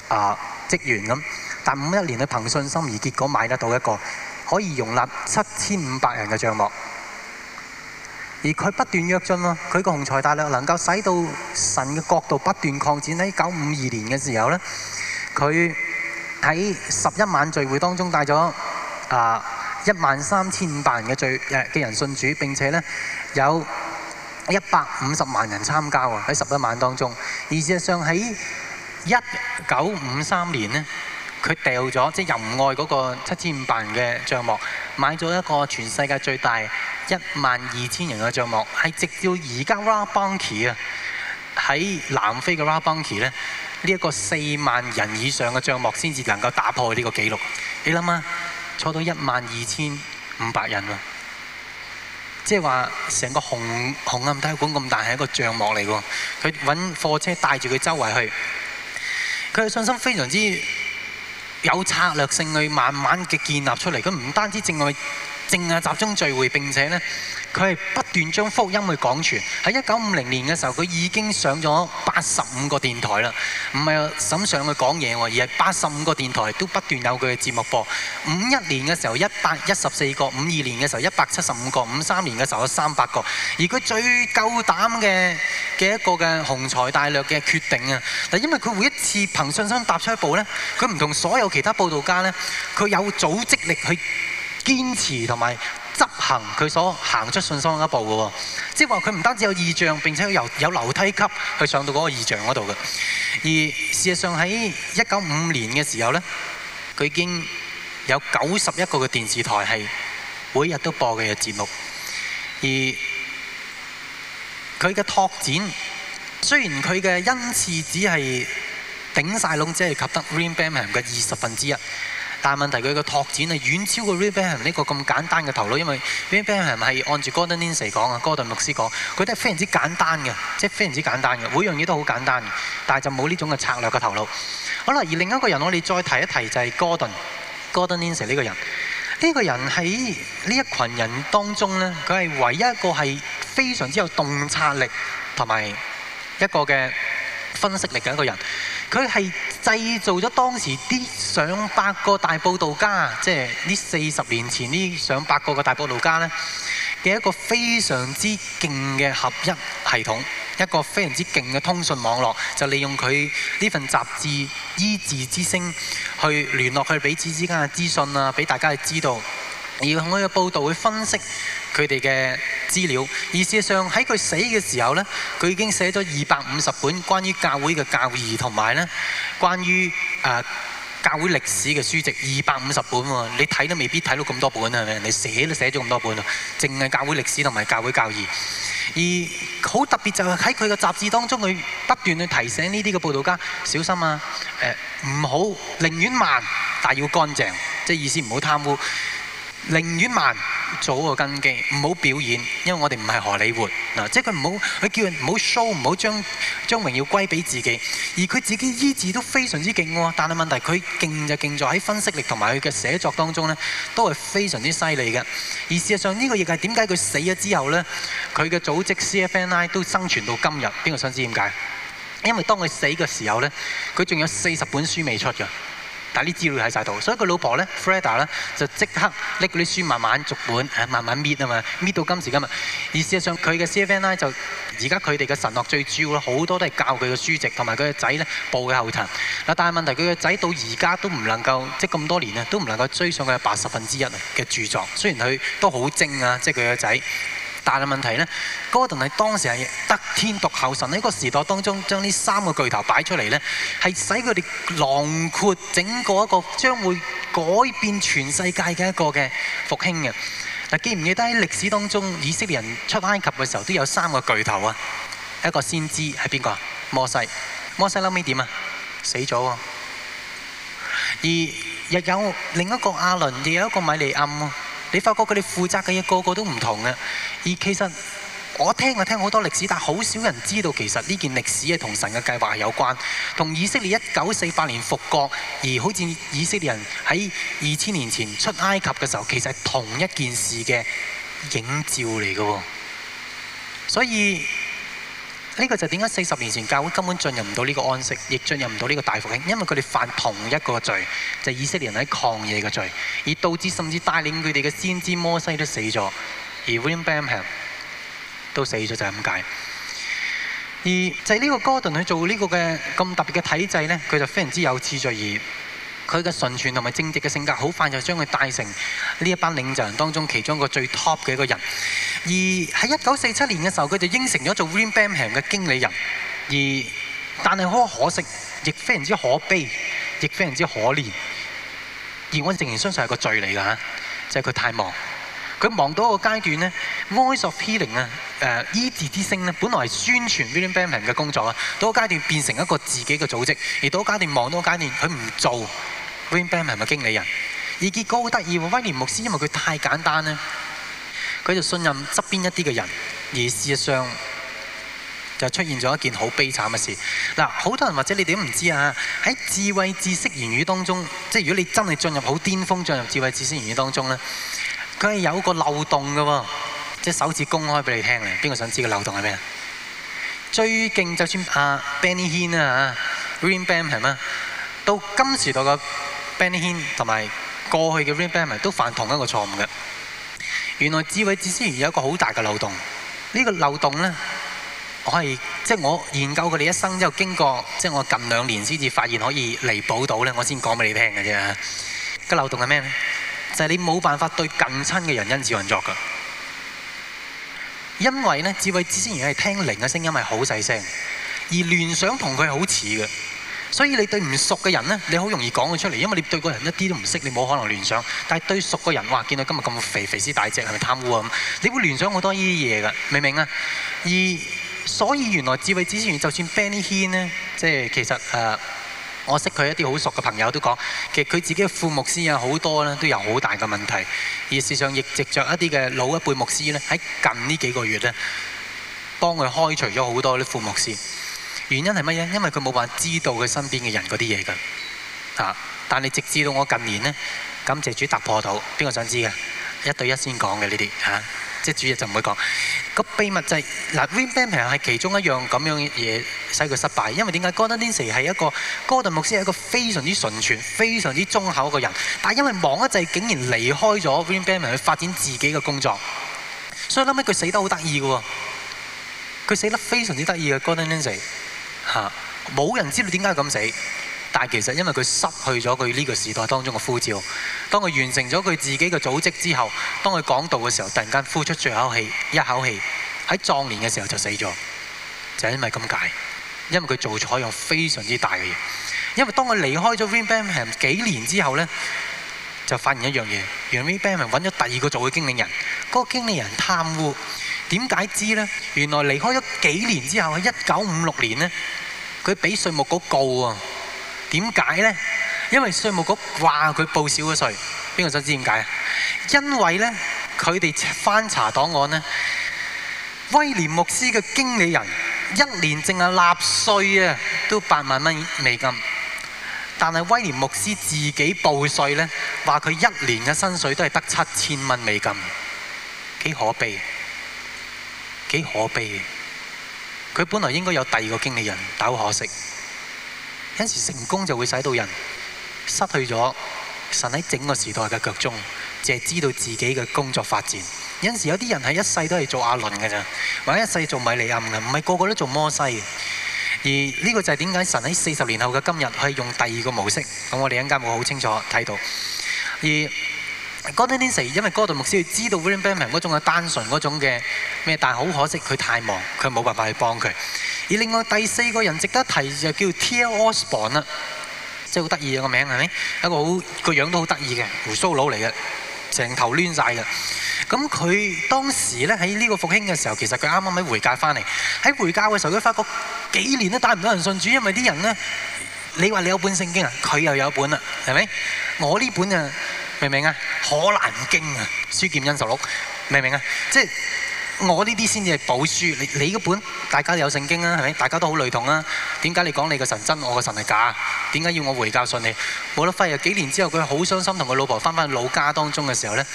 啊、呃、職員咁。但五一年佢憑信心而結果買得到一個可以容納七千五百人嘅帳幕，而佢不斷躍進咯。佢個雄才大略能夠使到神嘅國度不斷擴展。喺九五二年嘅時候呢，佢喺十一晚聚會當中帶咗啊一萬三千五百人嘅聚嘅人信主，並且咧有一百五十萬人參加喎，喺十一晚當中。而事實上喺一九五三年咧，佢掉咗即係由外嗰個七千五百人嘅帳幕買咗一個全世界最大一萬二千人嘅帳幕，係直到而家 Rabunki 啊喺南非嘅 Rabunki 呢，呢一個四萬人以上嘅帳幕先至能夠打破呢個紀錄。你諗啊，坐到一萬二千五百人啊，即係話成個紅磡體育館咁大係一個帳幕嚟㗎。佢揾貨車帶住佢周圍去，佢嘅信心非常之有策略性去慢慢嘅建立出嚟。佢唔單止淨係，淨係集中聚會，並且呢，佢係不斷將福音去講傳。喺一九五零年嘅時候，佢已經上咗八十五個電台啦。唔係沈上去講嘢，而係八十五個電台都不斷有佢嘅節目播。五一年嘅時候，一百一十四個；五二年嘅時候，一百七十五個；五三年嘅時候，有三百個。而佢最夠膽嘅嘅一個嘅雄才大略嘅決定啊，但因為佢每一次憑信心踏出一步呢，佢唔同所有其他報道家呢，佢有組織力去。堅持同埋執行佢所行出信心一步嘅喎，即係話佢唔單止有異象，並且有有樓梯級去上到嗰個異象嗰度嘅。而事實上喺一九五五年嘅時候呢，佢已經有九十一個嘅電視台係每日都播佢嘅節目。而佢嘅拓展，雖然佢嘅恩賜只係頂晒籠，只係及得 Green Bingham 嘅二十分之一，但係問題佢個拓展啊，遠超過 Rebmann 呢個咁簡單嘅頭腦，因為 Rebmann 係咪按住 Gordon Ince、er、講啊？Gordon 律師講，佢都係非常之簡單嘅，即係非常之簡單嘅，每樣嘢都好簡單嘅，但係就冇呢種嘅策略嘅頭腦。好啦，而另一個人我哋再提一提就係 Gordon Gordon Ince、er、呢個人，呢個人喺呢一群人當中呢佢係唯一一個係非常之有洞察力同埋一個嘅分析力嘅一個人。佢係製造咗當時啲上百個大佈道家，即係呢四十年前呢上百個嘅大佈道家呢嘅一個非常之勁嘅合一系統，一個非常之勁嘅通訊網絡，就利用佢呢份雜誌《醫治之聲》去聯絡佢彼此之間嘅資訊啊，俾大家去知道。要用嗰個報導去分析佢哋嘅資料，而事實上喺佢死嘅時候呢，佢已經寫咗二百五十本關於教會嘅教義同埋呢，關於啊教會歷史嘅書籍，二百五十本喎。你睇都未必睇到咁多本啊，係咪？你寫都寫咗咁多本啊，淨係教會歷史同埋教會教義。而好特別就係喺佢嘅雜誌當中，佢不斷去提醒呢啲嘅報導家小心啊，誒唔好，寧願慢但要乾淨，即係意思唔好貪污。寧願慢，做個根基，唔好表演，因為我哋唔係荷里活嗱，即係佢唔好，佢叫人唔好 show，唔好將將榮耀歸俾自己，而佢自己醫治都非常之勁喎。但係問題佢勁就勁著在喺分析力同埋佢嘅寫作當中呢，都係非常之犀利嘅。而事實上呢個亦係點解佢死咗之後呢，佢嘅組織 C F N I 都生存到今日。邊個想知點解？因為當佢死嘅時候呢，佢仲有四十本書未出㗎。但係啲資料喺晒度，所以佢老婆咧 Freda 咧就即刻拎嗰啲書慢慢逐本，啊慢慢搣啊嘛，搣到今時今日。而事實上，佢嘅 CFNI 就而家佢哋嘅神學最主要咧，好多都係教佢嘅書籍，同埋佢嘅仔咧，步佢後塵。嗱，但係問題佢嘅仔到而家都唔能夠，即咁多年啊，都唔能夠追上佢八十分之一嘅著作。雖然佢都好精啊，即係佢嘅仔。但係問題呢，哥頓係當時係得天獨厚，神喺個時代當中將呢三個巨頭擺出嚟呢，係使佢哋囊括整個一個將會改變全世界嘅一個嘅復興嘅。嗱，記唔記得喺歷史當中，以色列人出埃及嘅時候都有三個巨頭啊？一個先知係邊個啊？摩西，摩西後尾點啊？死咗喎。而又有另一個亞倫，亦有一個米利暗。你發覺佢哋負責嘅嘢個個都唔同嘅，而其實我聽就聽好多歷史，但係好少人知道其實呢件歷史係同神嘅計劃有關，同以色列一九四八年復國，而好似以色列人喺二千年前出埃及嘅時候，其實係同一件事嘅影照嚟嘅喎，所以。呢個就點解四十年前教會根本進入唔到呢個安息，亦進入唔到呢個大復興？因為佢哋犯同一個罪，就係、是、以色列人喺抗嘢嘅罪，而導致甚至帶領佢哋嘅先知摩西都死咗，而 William Bramham 都死咗就係咁解。而就係呢個哥 o 去做呢個嘅咁特別嘅體制呢，佢就非常之有次序。業。佢嘅純樸同埋正直嘅性格，好快就將佢帶成呢一班領袖人當中其中一個最 top 嘅一個人。而喺一九四七年嘅時候，佢就應承咗做 William Bingham 嘅經理人。而但係好可惜，亦非常之可悲，亦非常之可憐。而我仍然相信係個罪嚟㗎嚇，就係、是、佢太忙。佢忙到一個階段呢 Voice of Healing 啊，誒醫治之聲呢，D、ing, 本來係宣傳 William Bingham 嘅工作啊，到一個階段變成一個自己嘅組織。而到一個階段忙到個階段，佢唔做。Green Branham 係咪經理人？而結果好得意喎，威廉牧師因為佢太簡單呢，佢就信任側邊一啲嘅人，而事實上就出現咗一件好悲慘嘅事。嗱，好多人或者你哋都唔知啊，喺智慧知識言語當中，即係如果你真係進入好巔峰，進入智慧知識言語當中呢，佢係有一個漏洞嘅，即係首次公開俾你聽嘅。邊個想知個漏洞係咩？最勁就算阿 Benny Hinn 啦，Green Branham 係咩？到今時代個。Benny Hinn 同埋過去嘅 Rebamer 都犯同一個錯誤嘅，原來智慧之先賢有一個好大嘅漏洞，呢個漏洞呢，我係即係我研究佢哋一生之後，經過即係、就是、我近兩年先至發現可以彌補到呢，我先講俾你聽嘅啫。個漏洞係咩咧？就係、是、你冇辦法對近親嘅人因字運作噶，因為呢智慧之先賢係聽靈嘅聲音係好細聲，而聯想同佢好似嘅。所以你對唔熟嘅人呢，你好容易講佢出嚟，因為你對個人一啲都唔識，你冇可能聯想。但係對熟嘅人，哇！見到今日咁肥肥屍大隻，係咪貪污啊？咁，你會聯想好多呢啲嘢㗎，明唔明啊？而所以原來智慧之源，就算 Benny Hinn 即係其實誒、呃，我識佢一啲好熟嘅朋友都講，其實佢自己嘅副牧師有好多呢，都有好大嘅問題。而事實上亦藉着一啲嘅老一輩牧師呢，喺近呢幾個月呢，幫佢開除咗好多啲副牧師。原因係乜嘢？因為佢冇辦法知道佢身邊嘅人嗰啲嘢㗎。嚇！但係直至到我近年呢，感謝主突破到，邊個想知嘅？一對一先講嘅呢啲嚇，即係主嘢就唔會講。個秘密就係嗱，Branham 係其中一樣咁樣嘢使佢失敗。因為點解 Gordon Lindsay 係、er、一個 Gordon 牧師係一個非常之純全、非常之忠厚一個人，但係因為忙一陣，竟然離開咗 Branham 去發展自己嘅工作，所以諗起佢死得好得意嘅喎。佢死得非常之得意嘅 Gordon Lindsay。嚇！冇人知道點解咁死，但係其實因為佢失去咗佢呢個時代當中嘅呼召。當佢完成咗佢自己嘅組織之後，當佢講道嘅時候，突然間呼出最後氣一口氣，喺壯年嘅時候就死咗，就係、是、因為咁解。因為佢做咗一樣非常之大嘅嘢。因為當佢離開咗 w i n b a m 幾年之後呢，就發現一樣嘢原來 w i n b a m 揾咗第二個做嘅經理人，嗰個經理人貪污。點解知呢？原來離開咗幾年之後，喺一九五六年呢，佢俾稅務局告啊。點解呢？因為稅務局話佢報少咗稅。邊個想知點解啊？因為呢，佢哋翻查檔案呢，威廉牧師嘅經理人一年淨係納稅啊，都八萬蚊美金。但係威廉牧師自己報稅呢，話佢一年嘅薪水都係得七千蚊美金，幾可悲。幾可悲嘅，佢本來應該有第二個經理人，但係可惜。有陣時成功就會使到人失去咗神喺整個時代嘅腳蹤，只係知道自己嘅工作發展。有陣時有啲人係一世都係做亞倫嘅咋，或者一世做米利暗嘅，唔係個個都做摩西嘅。而呢個就係點解神喺四十年後嘅今日係用第二個模式，咁我哋一陣會好清楚睇到。而 Godlinson 因為哥度牧 w 要知道 w i l l i a m p l a n 嗰種嘅單純，嗰種嘅咩，但係好可惜佢太忙，佢冇辦法去幫佢。而另外第四個人值得提就叫 Til Osborn 啦，o S、orn，即係好得意啊，個名係咪？一個好個樣子很有趣的都好得意嘅胡鬚佬嚟嘅，成頭攣晒嘅。咁佢當時咧喺呢在這個復興嘅時候，其實佢啱啱喺回教翻嚟，喺回教嘅時候佢發覺幾年都打唔到人信主。因為啲人呢，你話你有本聖經啊，佢又有本啦，係咪？我這本呢本啊～明唔明啊？可蘭經啊！書劍恩仇錄，明唔明啊？即係我呢啲先至係寶書，你你本，大家都有聖經啊，係咪？大家都好類同啊，點解你講你個神真，我個神係假？點解要我回教信你？冇得費啊！幾年之後，佢好傷心，同佢老婆翻返老家當中嘅時候呢，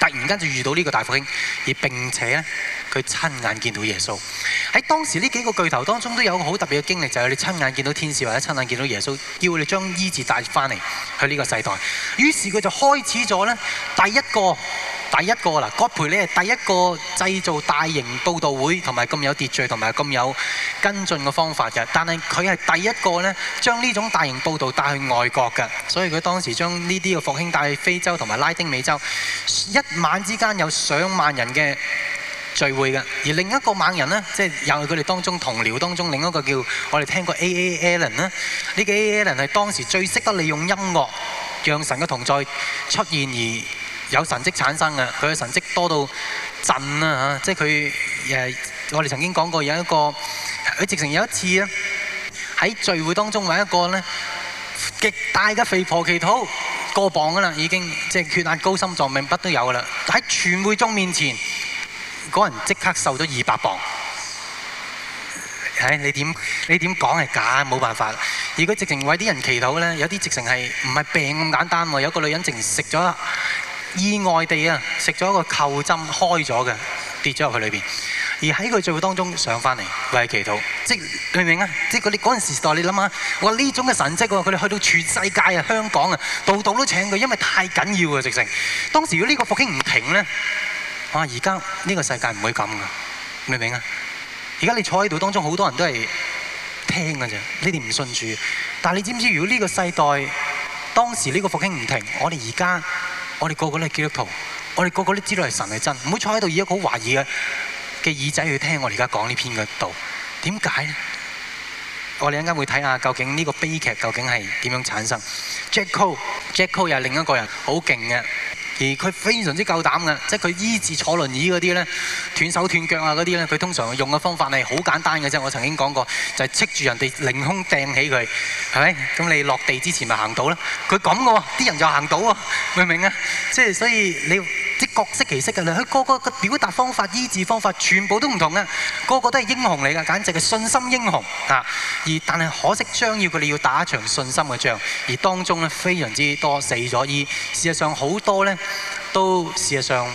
突然間就遇到呢個大復興，而並且呢，佢親眼見到耶穌。喺當時呢幾個巨頭當中都有個好特別嘅經歷，就係、是、你親眼見到天使或者親眼見到耶穌，叫你將醫治帶翻嚟。佢呢個世代，於是佢就開始咗呢第一個第一個啦，葛培理呢係第一個製造大型佈道會，同埋咁有秩序，同埋咁有跟進嘅方法嘅。但係佢係第一個呢將呢種大型佈道帶去外國嘅，所以佢當時將呢啲嘅復興帶去非洲同埋拉丁美洲，一晚之間有上萬人嘅聚會嘅，而另一個猛人呢，即係又係佢哋當中同僚當中另一個叫我哋聽過 A. A. Allen 呢，呢個 A. A. Allen 係當時最識得利用音樂讓神嘅同在出現而有神蹟產生嘅，佢嘅神蹟多到震啊，即係佢誒，我哋曾經講過有一個，佢直情有一次啊，喺聚會當中，有一個呢，極大嘅肥婆祈禱，祈禱過磅嘅啦，已經即係血壓高、心臟病不都有嘅啦，喺全會眾面前。嗰人即刻瘦咗二百磅。唉，你點你點講係假？冇辦法。而佢直情為啲人祈禱呢，有啲直情係唔係病咁簡單喎。有個女人直情食咗意外地啊，食咗一個扣針開咗嘅，跌咗入去裏邊。而喺佢聚會當中上翻嚟為佢祈禱。即你明唔明啊？即嗰啲嗰陣時代，你諗下，嘩，呢種嘅神跡喎，佢哋去到全世界啊，香港啊，度度都請佢，因為太緊要啊！直情當時如果呢個復興唔停呢。哇！而家呢個世界唔會咁噶，明唔明啊？而家你坐喺度當中，好多人都係聽嘅啫，你哋唔信主。但係你知唔知？如果呢個世代當時呢個復興唔停，我哋而家我哋個個都係基督徒，我哋個個都知道係神係真，唔好坐喺度以一個好懷疑嘅嘅耳仔去聽我哋而家講呢篇嘅道。點解咧？我哋陣間會睇下究竟呢個悲劇究竟係點樣產生。Jacko，Jacko 又係另一個人好勁嘅。很而佢非常之夠膽嘅，即係佢醫治坐輪椅嗰啲咧，斷手斷腳啊嗰啲咧，佢通常用嘅方法係好簡單嘅啫。我曾經講過，就係蹺住人哋凌空掟起佢，係咪？咁你落地之前咪行到啦？佢咁嘅喎，啲人就行到喎，明唔明啊？即係所以你啲各式其式嘅你佢個個嘅表達方法、醫治方法全部都唔同嘅，個個都係英雄嚟嘅，簡直係信心英雄啊！而但係可惜，將要佢哋要打一場信心嘅仗，而當中咧非常之多死咗醫，而事實上好多咧。都事實上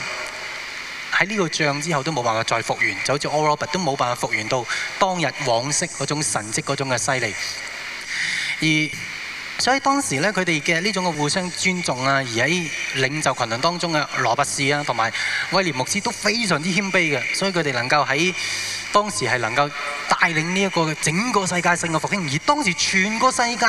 喺呢個仗之後都冇辦法再復原，就好似 All 奧羅拔都冇辦法復原到當日往昔嗰種神迹嗰種嘅犀利。而所以當時呢，佢哋嘅呢種嘅互相尊重啊，而喺領袖群倫當中嘅羅拔士啊，同埋威廉牧師都非常之謙卑嘅，所以佢哋能夠喺。當時係能夠帶領呢一個整個世界性嘅復興，而當時全個世界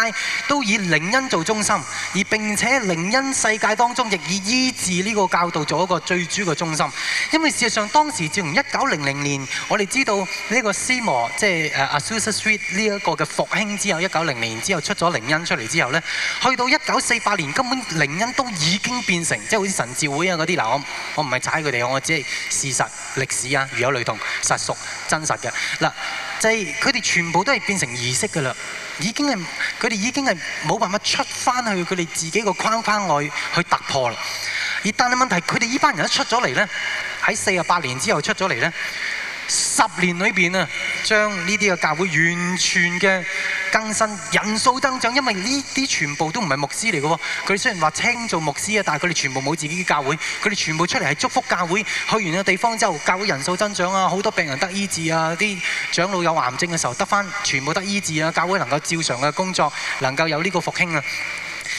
都以靈恩做中心，而並且靈恩世界當中亦以醫治呢個教導做一個最主要嘅中心。因為事實上當時自從一九零零年，我哋知道呢個 Simo，即係阿 Azusa Street 呢一個嘅復興之後，一九零零年之後出咗靈恩出嚟之後呢，去到一九四八年，根本靈恩都已經變成即係好似神召會啊嗰啲。嗱，我我唔係踩佢哋，我只係事實歷史啊，如有雷同，實屬真實嘅。嗱，就係佢哋全部都係變成儀式嘅啦，已經係佢哋已經係冇辦法出翻去佢哋自己個框框外去突破啦。而但係問題係，佢哋依班人一出咗嚟呢，喺四十八年之後出咗嚟呢。十年裏邊啊，將呢啲嘅教會完全嘅更新，人數增長，因為呢啲全部都唔係牧師嚟嘅喎。佢哋雖然話稱做牧師啊，但係佢哋全部冇自己嘅教會，佢哋全部出嚟係祝福教會。去完個地方之後，教會人數增長啊，好多病人得醫治啊，啲長老有癌症嘅時候得返，全部得醫治啊，教會能夠照常嘅工作，能夠有呢個復興啊。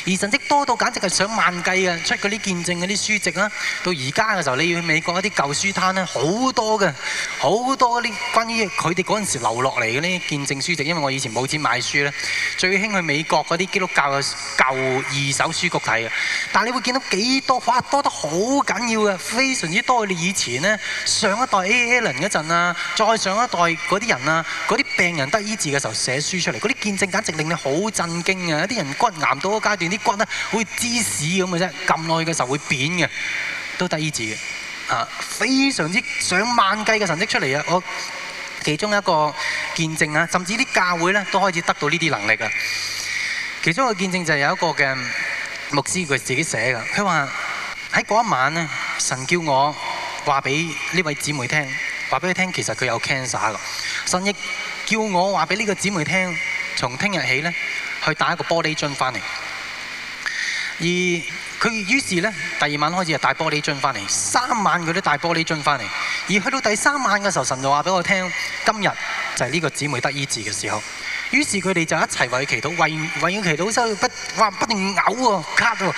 而神跡多到簡直係上萬計嘅，出嗰啲見證嗰啲書籍啊！到而家嘅時候，你要去美國嗰啲舊書攤咧，好多嘅，好多嗰啲關於佢哋嗰陣時候留落嚟嗰啲見證書籍。因為我以前冇錢買書咧，最興去美國嗰啲基督教嘅舊二手書局睇嘅。但係你會見到幾多？哇，多得好緊要嘅，非常之多！你以前呢，上一代 Allen 嗰陣啊，再上一代嗰啲人啊，嗰啲病人得醫治嘅時候寫書出嚟，嗰啲見證簡直令你好震驚啊。有啲人骨癌到嗰階段。啲骨咧，好似芝士咁嘅啫，撳耐嘅時候會扁嘅，都得醫治嘅，啊，非常之上萬計嘅神跡出嚟啊！我其中一個見證啦，甚至啲教會咧都開始得到呢啲能力啊！其中一個見證就係有一個嘅牧師，佢自己寫嘅，佢話喺嗰一晚咧，神叫我話俾呢位姊妹聽，話俾佢聽其實佢有 cancer 嘅，神亦叫我話俾呢個姊妹聽，從聽日起咧去打一個玻璃樽翻嚟。而佢於是呢，第二晚開始就帶玻璃樽翻嚟，三晚佢都帶玻璃樽翻嚟。而去到第三晚嘅時候，神就話俾我聽：今日就係呢個姊妹得醫治嘅時候。於是佢哋就一齊為佢祈禱，為為佢祈禱，收不哇不停嘔喎咳喎。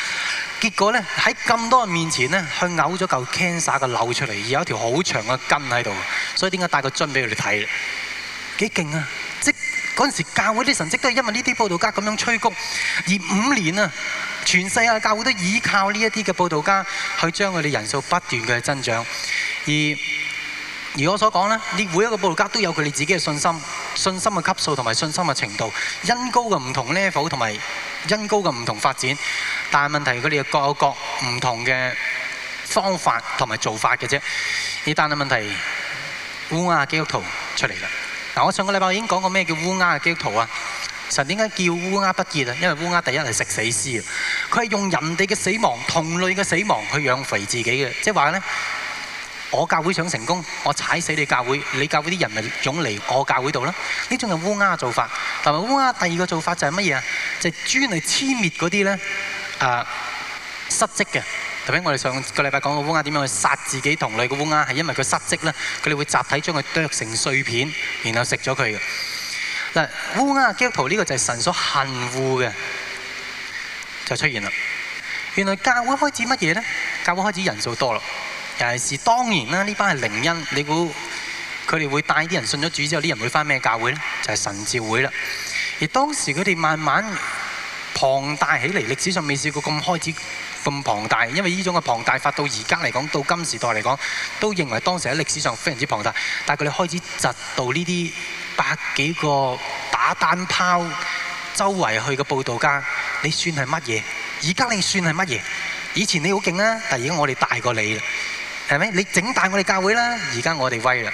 結果呢，喺咁多人面前呢，佢嘔咗嚿 cancer 嘅瘤出嚟，而有一條好長嘅根喺度。所以點解帶個樽俾佢哋睇咧？幾勁啊！即嗰陣時教會啲神跡都係因為呢啲佈道家咁樣催谷，而五年啊！全世界嘅教會都依靠呢一啲嘅佈道家去將佢哋人數不斷嘅增長而。而而我所講呢，你每一個佈道家都有佢哋自己嘅信心，信心嘅級數同埋信心嘅程度，恩膏嘅唔同 level 同埋恩膏嘅唔同發展。但係問題佢哋各有各唔同嘅方法同埋做法嘅啫。而單單問題烏鴉基督徒出嚟啦。嗱，我上個禮拜已經講過咩叫烏鴉基督徒啊？神點解叫烏鴉不潔啊？因為烏鴉第一係食死屍的，佢係用人哋嘅死亡、同類嘅死亡去養肥自己嘅，即係話呢，我教會想成功，我踩死你教會，你教會啲人咪湧嚟我教會度啦？呢種係烏鴉做法。同埋烏鴉第二個做法就係乜嘢啊？就係、專係殲滅嗰啲咧誒失職嘅。頭先我哋上個禮拜講過烏鴉點樣去殺自己同類嘅烏鴉，係因為佢失職啦，佢哋會集體將佢剁成碎片，然後食咗佢嘅。烏鴉基督徒呢個就係神所恨惡嘅，就出現啦。原來教會開始乜嘢呢？教會開始人數多啦。尤其是當然啦，呢班係靈恩，你估佢哋會帶啲人信咗主之後，啲人會翻咩教會呢？就係神召會啦。而當時佢哋慢慢龐大起嚟，歷史上未試過咁開始咁龐大，因為呢種嘅龐大法到而家嚟講，到今時代嚟講，都認為當時喺歷史上非常之龐大。但係佢哋開始窒到呢啲。百幾個打單拋周圍去嘅報道家，你算係乜嘢？而家你算係乜嘢？以前你好勁啊，但係而家我哋大過你啦，係咪？你整大我哋教會啦，而家我哋威啦。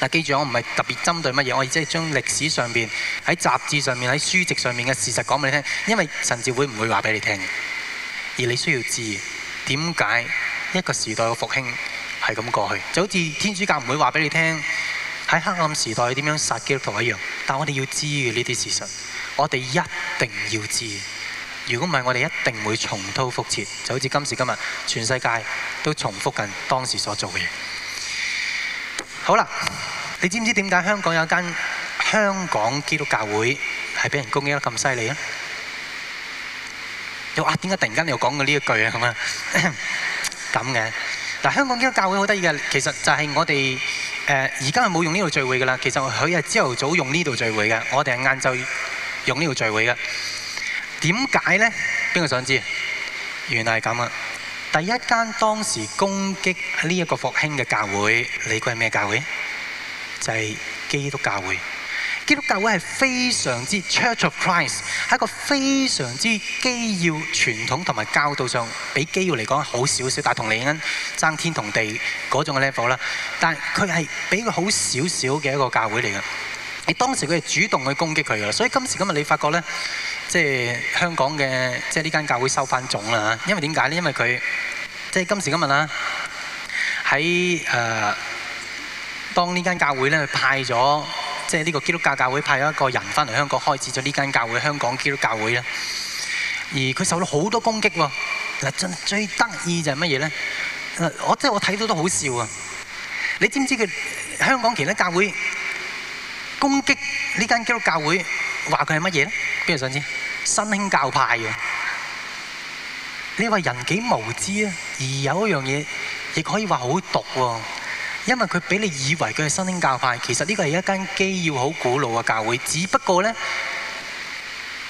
嗱，記住我唔係特別針對乜嘢，我而家將歷史上邊喺雜誌上面、喺書籍上面嘅事實講俾你聽，因為甚至不會唔會話俾你聽嘅，而你需要知點解一個時代嘅復興係咁過去，就好似天主教唔會話俾你聽。喺黑暗時代點樣殺基督徒一樣，但係我哋要知嘅呢啲事實，我哋一定要知。如果唔係，我哋一定會重蹈覆轍，就好似今時今日全世界都重複緊當時所做嘅嘢。好啦，你知唔知點解香港有間香港基督教會係俾人攻擊得咁犀利啊？又啊，點解突然間又講過呢一句啊？咁啊，咁嘅嗱，香港基督教會好得意嘅，其實就係我哋。誒，而家係冇用呢度聚會噶啦，其實佢係朝頭早用呢度聚會嘅，我哋係晏晝用呢度聚會嘅。點解呢？邊個想知？原來係咁啊！第一間當時攻擊呢一個復興嘅教會，你估係咩教會？就係基督教會。基督教會係非常之 Church of Christ，係一個非常之基要傳統同埋教導上，比基要嚟講好少少，但係同你啱爭天同地嗰種嘅 level 啦。但係佢係比佢好少少嘅一個教會嚟嘅。你當時佢係主動去攻擊佢嘅，所以今時今日你發覺咧，即係香港嘅即係呢間教會收翻粽啦嚇。因為點解咧？因為佢即係今時今日啦，喺誒、呃、當呢間教會咧佢派咗。即係呢個基督教教會派咗一個人翻嚟香港，開始咗呢間教會香港基督教會咧。而佢受咗好多攻擊喎。嗱，最最得意就係乜嘢咧？我真係我睇到都好笑啊！你知唔知佢香港其他教會攻擊呢間基督教會，話佢係乜嘢咧？邊個想知？新興教派嘅。你話人幾無知啊！而有一樣嘢，亦可以話好毒喎。因為佢俾你以為佢係新興教派，其實呢個係一間基要好古老嘅教會，只不過呢，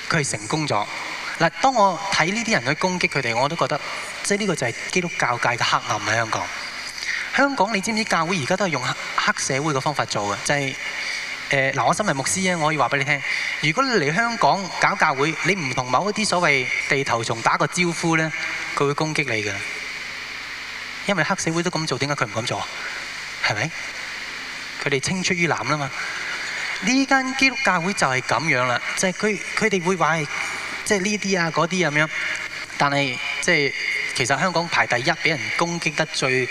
佢係成功咗。嗱，當我睇呢啲人去攻擊佢哋，我都覺得，即係呢個就係基督教界嘅黑暗喺香，香港。香港你知唔知道教會而家都係用黑社會嘅方法做嘅？就係、誒、嗱、呃，我身為牧師啊，我可以話俾你聽：如果你嚟香港搞教會，你唔同某一啲所謂地頭蟲打個招呼呢，佢會攻擊你嘅。因為黑社會都咁做，點解佢唔敢做？係咪？佢哋青出於藍啦嘛。呢間基督教會就係咁樣啦，即係佢佢哋會話係即係呢啲啊、嗰啲咁樣。但係即係其實香港排第一，俾人攻擊得最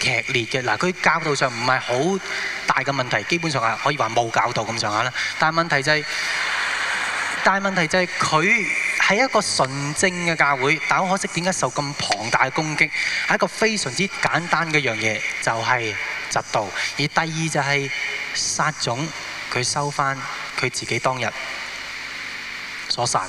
劇烈嘅。嗱，佢教導上唔係好大嘅問題，基本上係可以話冇教導咁上下啦。但係問題就係、是，但係問題就係佢係一個純正嘅教會，但係可惜點解受咁龐大嘅攻擊？係一個非常之簡單嘅一樣嘢，就係、是。而第二就係殺種，佢收翻佢自己當日所殺。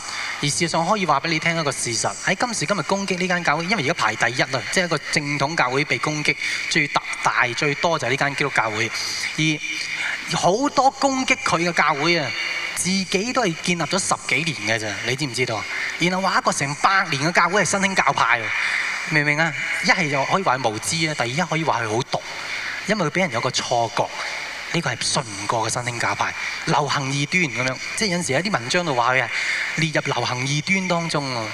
而事實上可以話俾你聽一個事實：喺今時今日攻擊呢間教會，因為而家排第一啊，即係一個正統教會被攻擊最特大最多就係呢間基督教會。而好多攻擊佢嘅教會啊，自己都係建立咗十幾年嘅咋，你知唔知道？然後話一個成百年嘅教會係新興教派，明唔明啊？一係就可以話佢無知啊，第二一可以話佢好毒。因為佢俾人有個錯覺，呢、這個係信唔過嘅新興教派，流行異端咁樣，即係有陣時喺啲文章度話佢係列入流行異端當中喎，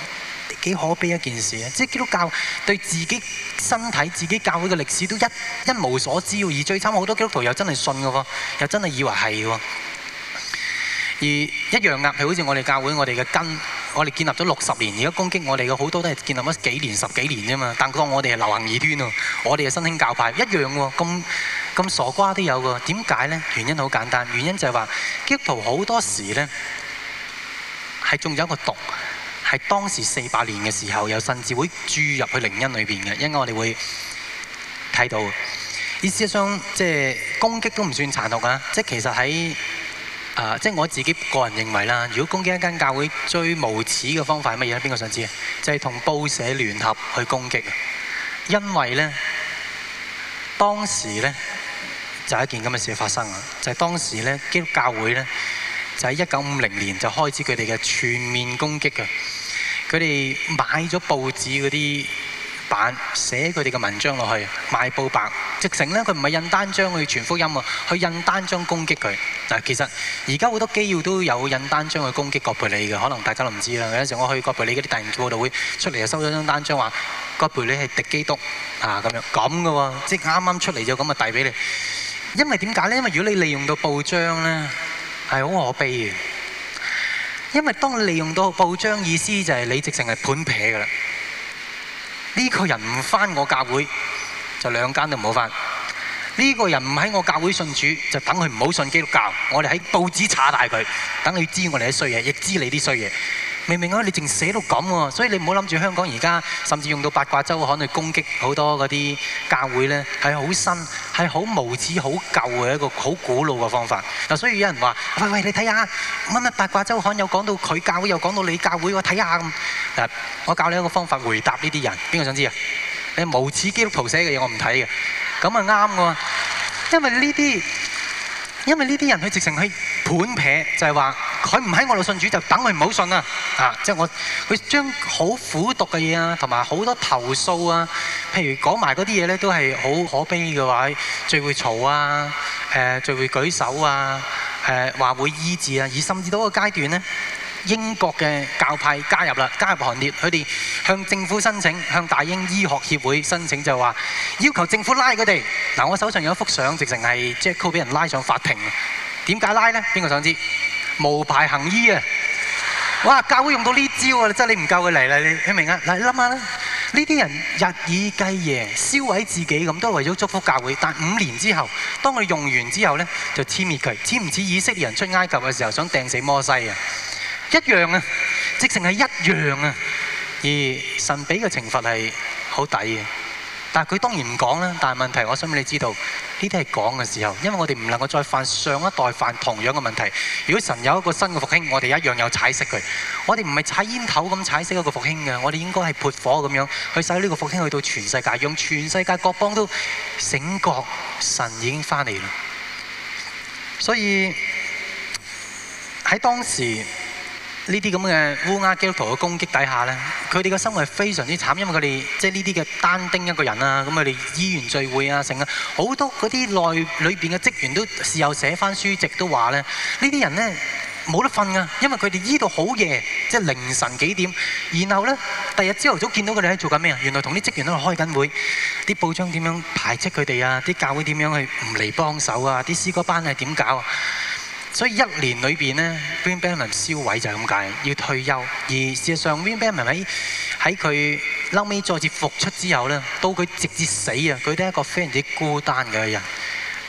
幾可悲一件事啊！即係基督教對自己身體、自己教會嘅歷史都一一無所知喎，而最慘好多基督徒又真係信嘅喎，又真係以為係喎。而一樣㗎，譬如好似我哋教會，我哋嘅根，我哋建立咗六十年，而家攻擊我哋嘅好多都係建立咗幾年、十幾年啫嘛。但當我哋係流行異端咯，我哋係新興教派一樣喎，咁咁傻瓜都有㗎。點解呢？原因好簡單，原因就係話基督徒好多時呢係中咗一個毒，係當時四百年嘅時候，又甚至會注入去靈恩裏邊嘅，因為我哋會睇到。意思上即係攻擊都唔算殘毒啊，即係其實喺。啊，即係我自己個人認為啦。如果攻擊一間教會，最無恥嘅方法係乜嘢咧？邊個想知啊？就係同報社聯合去攻擊。因為呢，當時呢，就係一件咁嘅事發生啊。就係當時呢，基督教會呢，就喺一九五零年就開始佢哋嘅全面攻擊嘅。佢哋買咗報紙嗰啲版，寫佢哋嘅文章落去，賣報白。直成咧，佢唔係印單張去傳福音啊，去印單張攻擊佢。嗱，其實而家好多機要都有印單張去攻擊葛培理嘅，可能大家都唔知啦。有一陣我去葛培理嗰啲大型佈道會出嚟，就收咗張單張話葛培理係敵基督啊咁樣咁嘅喎，即係啱啱出嚟就咁啊遞俾你。因為點解咧？因為如果你利用到報章咧，係好可悲嘅。因為當你利用到報章，意思就係你直成係判劈嘅啦。呢個人唔翻我教會。就兩間都唔好翻。呢個人唔喺我教會信主，就等佢唔好信基督教。我哋喺報紙查大佢，等佢知我哋啲衰嘢，亦知你啲衰嘢。明唔明啊？你淨寫到咁喎，所以你唔好諗住香港而家甚至用到八卦周刊去攻擊好多嗰啲教會呢，係好新，係好無恥好舊嘅一個好古老嘅方法。嗱，所以有人話：喂喂，你睇下乜乜八卦周刊又講到佢教會，又講到你教會，我睇下咁。誒，我教你一個方法回答呢啲人，邊個想知啊？誒，無恥基督徒寫嘅嘢我唔睇嘅，咁啊啱嘅。因為呢啲，因為呢啲人佢直情係叛撇，就係話佢唔喺我度信主就等佢唔好信啊！啊，即係我佢將好苦毒嘅嘢啊，同埋好多投訴啊，譬如講埋嗰啲嘢咧都係好可悲嘅話，聚會嘈啊，誒聚會舉手啊，誒話會醫治啊，而甚至到那個階段咧。英國嘅教派加入啦，加入行列，佢哋向政府申請，向大英醫學協會申請就，就話要求政府拉佢哋。嗱，我手上有一幅相，直情係即 e k y 俾人拉上法庭。點解拉呢？邊個想知道？冒牌行醫啊！哇，教會用到呢招啊，你真係唔夠佢嚟啦，你你明啊？嗱，諗下啦，呢啲人日以繼夜燒毀，毀自己咁，都係為咗祝福教會。但五年之後，當佢用完之後呢，就黐滅佢。似唔似以色列人出埃及嘅時候想掟死摩西啊？一樣啊，直情係一樣啊，而神俾嘅懲罰係好抵嘅。但係佢當然唔講啦。但係問題，我想俾你知道呢啲係講嘅時候，因為我哋唔能夠再犯上一代犯同樣嘅問題。如果神有一個新嘅復興，我哋一樣有踩熄佢。我哋唔係踩煙頭咁踩熄一個復興嘅，我哋應該係撥火咁樣去使呢個復興去到全世界，讓全世界各邦都醒覺，神已經翻嚟啦。所以喺當時。呢啲咁嘅烏鴉基督徒嘅攻擊底下呢，佢哋嘅生活係非常之慘，因為佢哋即係呢啲嘅單丁一個人啊。咁佢哋依完聚會啊，成啊好多嗰啲內裏邊嘅職員都事後寫翻書籍都話咧，呢啲人呢冇得瞓啊，因為佢哋依到好夜，即係凌晨幾點，然後呢，第二日朝頭早見到佢哋喺做緊咩啊？原來同啲職員喺度開緊會，啲報章點樣排斥佢哋啊？啲教會點樣去唔嚟幫手啊？啲詩歌班係點搞啊？所以一年裏邊咧 Wimbledon 銷毀就係咁解，要退休。而事實上 Wimbledon 喺佢後尾再次復出之後呢，到佢直接死啊，佢都係一個非常之孤單嘅人，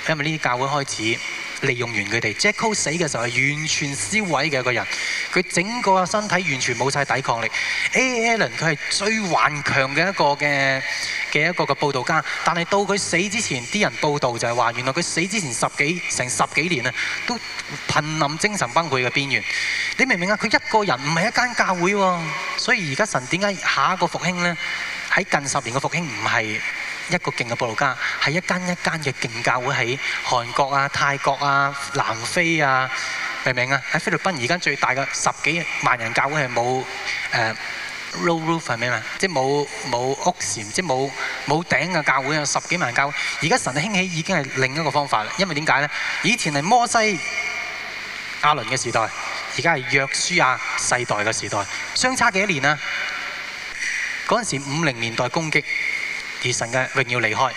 因為呢啲教會開始利用完佢哋。Jacko 死嘅時候係完全銷毀嘅一個人，佢整個身體完全冇晒抵抗力。Alan 佢係最頑強嘅一個嘅。嘅一個個報道家，但係到佢死之前，啲人報道就係話，原來佢死之前十幾成十幾年啊，都瀕臨精神崩潰嘅邊緣。你明唔明啊？佢一個人唔係一間教會喎，所以而家神點解下一個復興呢？喺近十年嘅復興唔係一個勁嘅佈道家，係一間一間嘅勁教會喺韓國啊、泰國啊、南非啊，明唔明啊？喺菲律賓而家最大嘅十幾萬人教會係冇誒。呃 low roof 係咩啊？即係冇冇屋檐即係冇冇頂嘅教會，有十幾萬教會。而家神嘅興起已經係另一個方法，因為點解呢？以前係摩西、亞倫嘅時代，而家係約書亞世代嘅時代，相差幾多年啊？嗰陣時五零年代攻擊，而神嘅榮耀離開。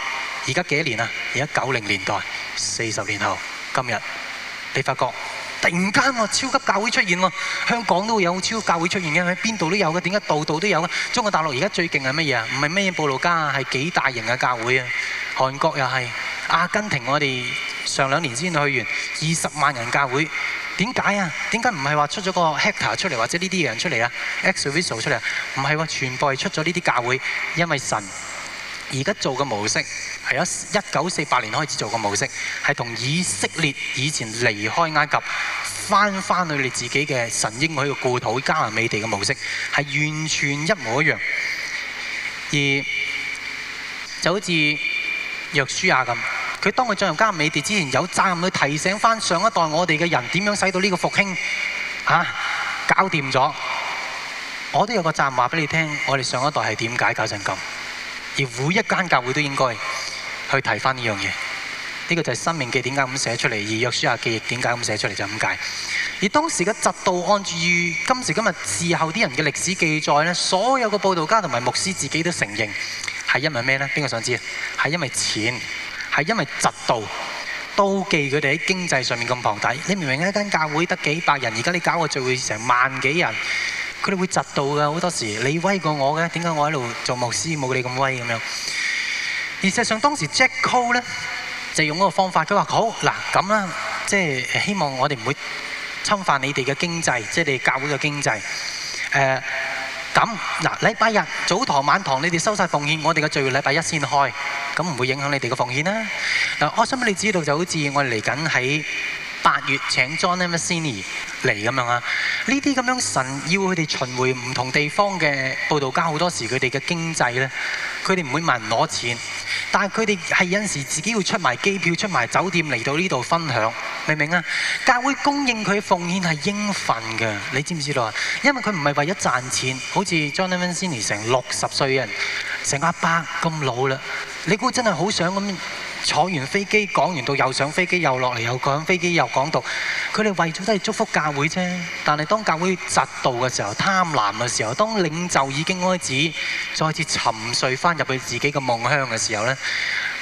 而家幾多年啊？而家九零年代，四十年後，今日你發覺。突然間喎，超級教會出現喎，香港都有超級教會出現嘅，喺邊度都有嘅，點解度度都有啊？中國大陸而家最勁係乜嘢啊？唔係咩布魯加，係幾大型嘅教會啊？韓國又係，阿根廷我哋上兩年先去完，二十萬人教會，點解啊？點解唔係話出咗個 Hector 出嚟，或者呢啲人出嚟啊？Exevisal 出嚟啊？唔係喎，全部係出咗呢啲教會，因為神而家做嘅模式。係一九四八年開始做嘅模式，係同以色列以前離開埃及，翻翻去你自己嘅神應許嘅故土迦南美地嘅模式，係完全一模一樣。而就好似約書亞咁，佢當佢進入迦南美地之前有責任去提醒翻上一代我哋嘅人點樣使到呢個復興嚇、啊、搞掂咗。我都有個責任話俾你聽，我哋上一代係點解搞成咁？而每一間教會都應該去提翻呢樣嘢，呢個就係《申命記》點解咁寫出嚟，而《約書亞記》點解咁寫出嚟就咁解。而當時嘅嫉妒，按住今時今日，事後啲人嘅歷史記載呢所有嘅報道家同埋牧師自己都承認，係因為咩呢？邊個想知啊？係因為錢，係因為嫉妒，妒忌佢哋喺經濟上面咁龐大。你明唔明一間教會得幾百人，而家你搞個聚會成萬幾人，佢哋會嫉妒嘅好多時。你威過我嘅，點解我喺度做牧師冇你咁威咁樣？事實上當時 Jack Cole 就用嗰個方法，佢話好嗱咁啦，即係希望我哋唔會侵犯你哋嘅經濟，即係你教會嘅經濟。誒咁嗱，禮拜日早堂晚堂你哋收晒奉獻，我哋嘅聚會禮拜一先開，咁唔會影響你哋嘅奉獻啦。嗱，我想俾你知道就好似我哋嚟緊喺八月請 John McCain 嚟咁樣啊，呢啲咁樣神要佢哋巡迴唔同地方嘅佈道家，好多時佢哋嘅經濟咧。佢哋唔會問人攞錢，但係佢哋係有陣時自己會出埋機票、出埋酒店嚟到呢度分享，明唔明啊？教會供應佢嘅奉獻係應份嘅，你知唔知道啊？因為佢唔係為咗賺錢，好似 John Vincent 成六十歲人，成個阿伯咁老啦。你估真係好想咁坐完飛機，講完到又上飛機，又落嚟又講飛機又講到，佢哋為咗都係祝福教會啫。但係當教會窒到嘅時候，貪婪嘅時候，當領袖已經開始再次沉睡翻入去自己嘅夢鄉嘅時候呢，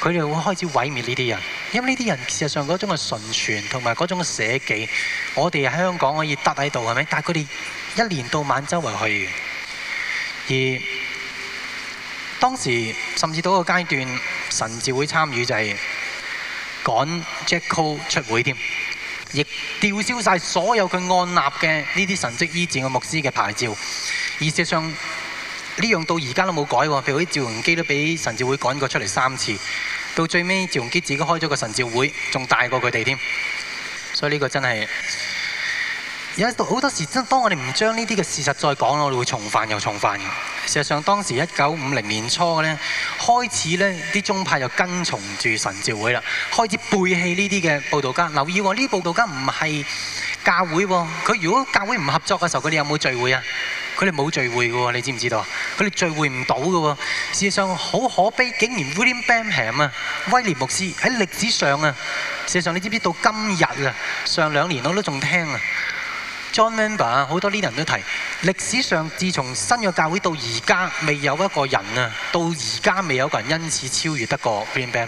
佢哋會開始毀滅呢啲人，因為呢啲人事實上嗰種嘅純全同埋嗰種嘅社紀，我哋喺香港可以得喺度係咪？但係佢哋一年到晚周圍去，而。當時甚至到一個階段，神召會參與就係趕 Jack Coe 出會添，亦吊銷晒所有佢按立嘅呢啲神蹟醫治嘅牧師嘅牌照，而事實上呢樣到而家都冇改喎。譬如啲趙鏞基都俾神召會趕過出嚟三次，到最尾趙鏞基自己開咗個神召會，仲大過佢哋添，所以呢個真係。有好多時，真當我哋唔將呢啲嘅事實再講，我哋會重犯又重犯嘅。事實上，當時一九五零年初呢，開始呢啲宗派就跟從住神召會啦，開始背棄呢啲嘅佈道家。留意喎，呢啲佈道家唔係教會喎。佢如果教會唔合作嘅時候，佢哋有冇聚會啊？佢哋冇聚會嘅喎，你知唔知道？佢哋聚會唔到嘅喎。事實上好可悲，竟然 William Branham 啊，威廉牧師喺歷史上啊，事實上你知唔知道到今日啊？上兩年我都仲聽啊。John Member 好多呢啲人都提，歷史上自從新約教會到而家，未有一個人啊，到而家未有一個人因此超越得過 Branham。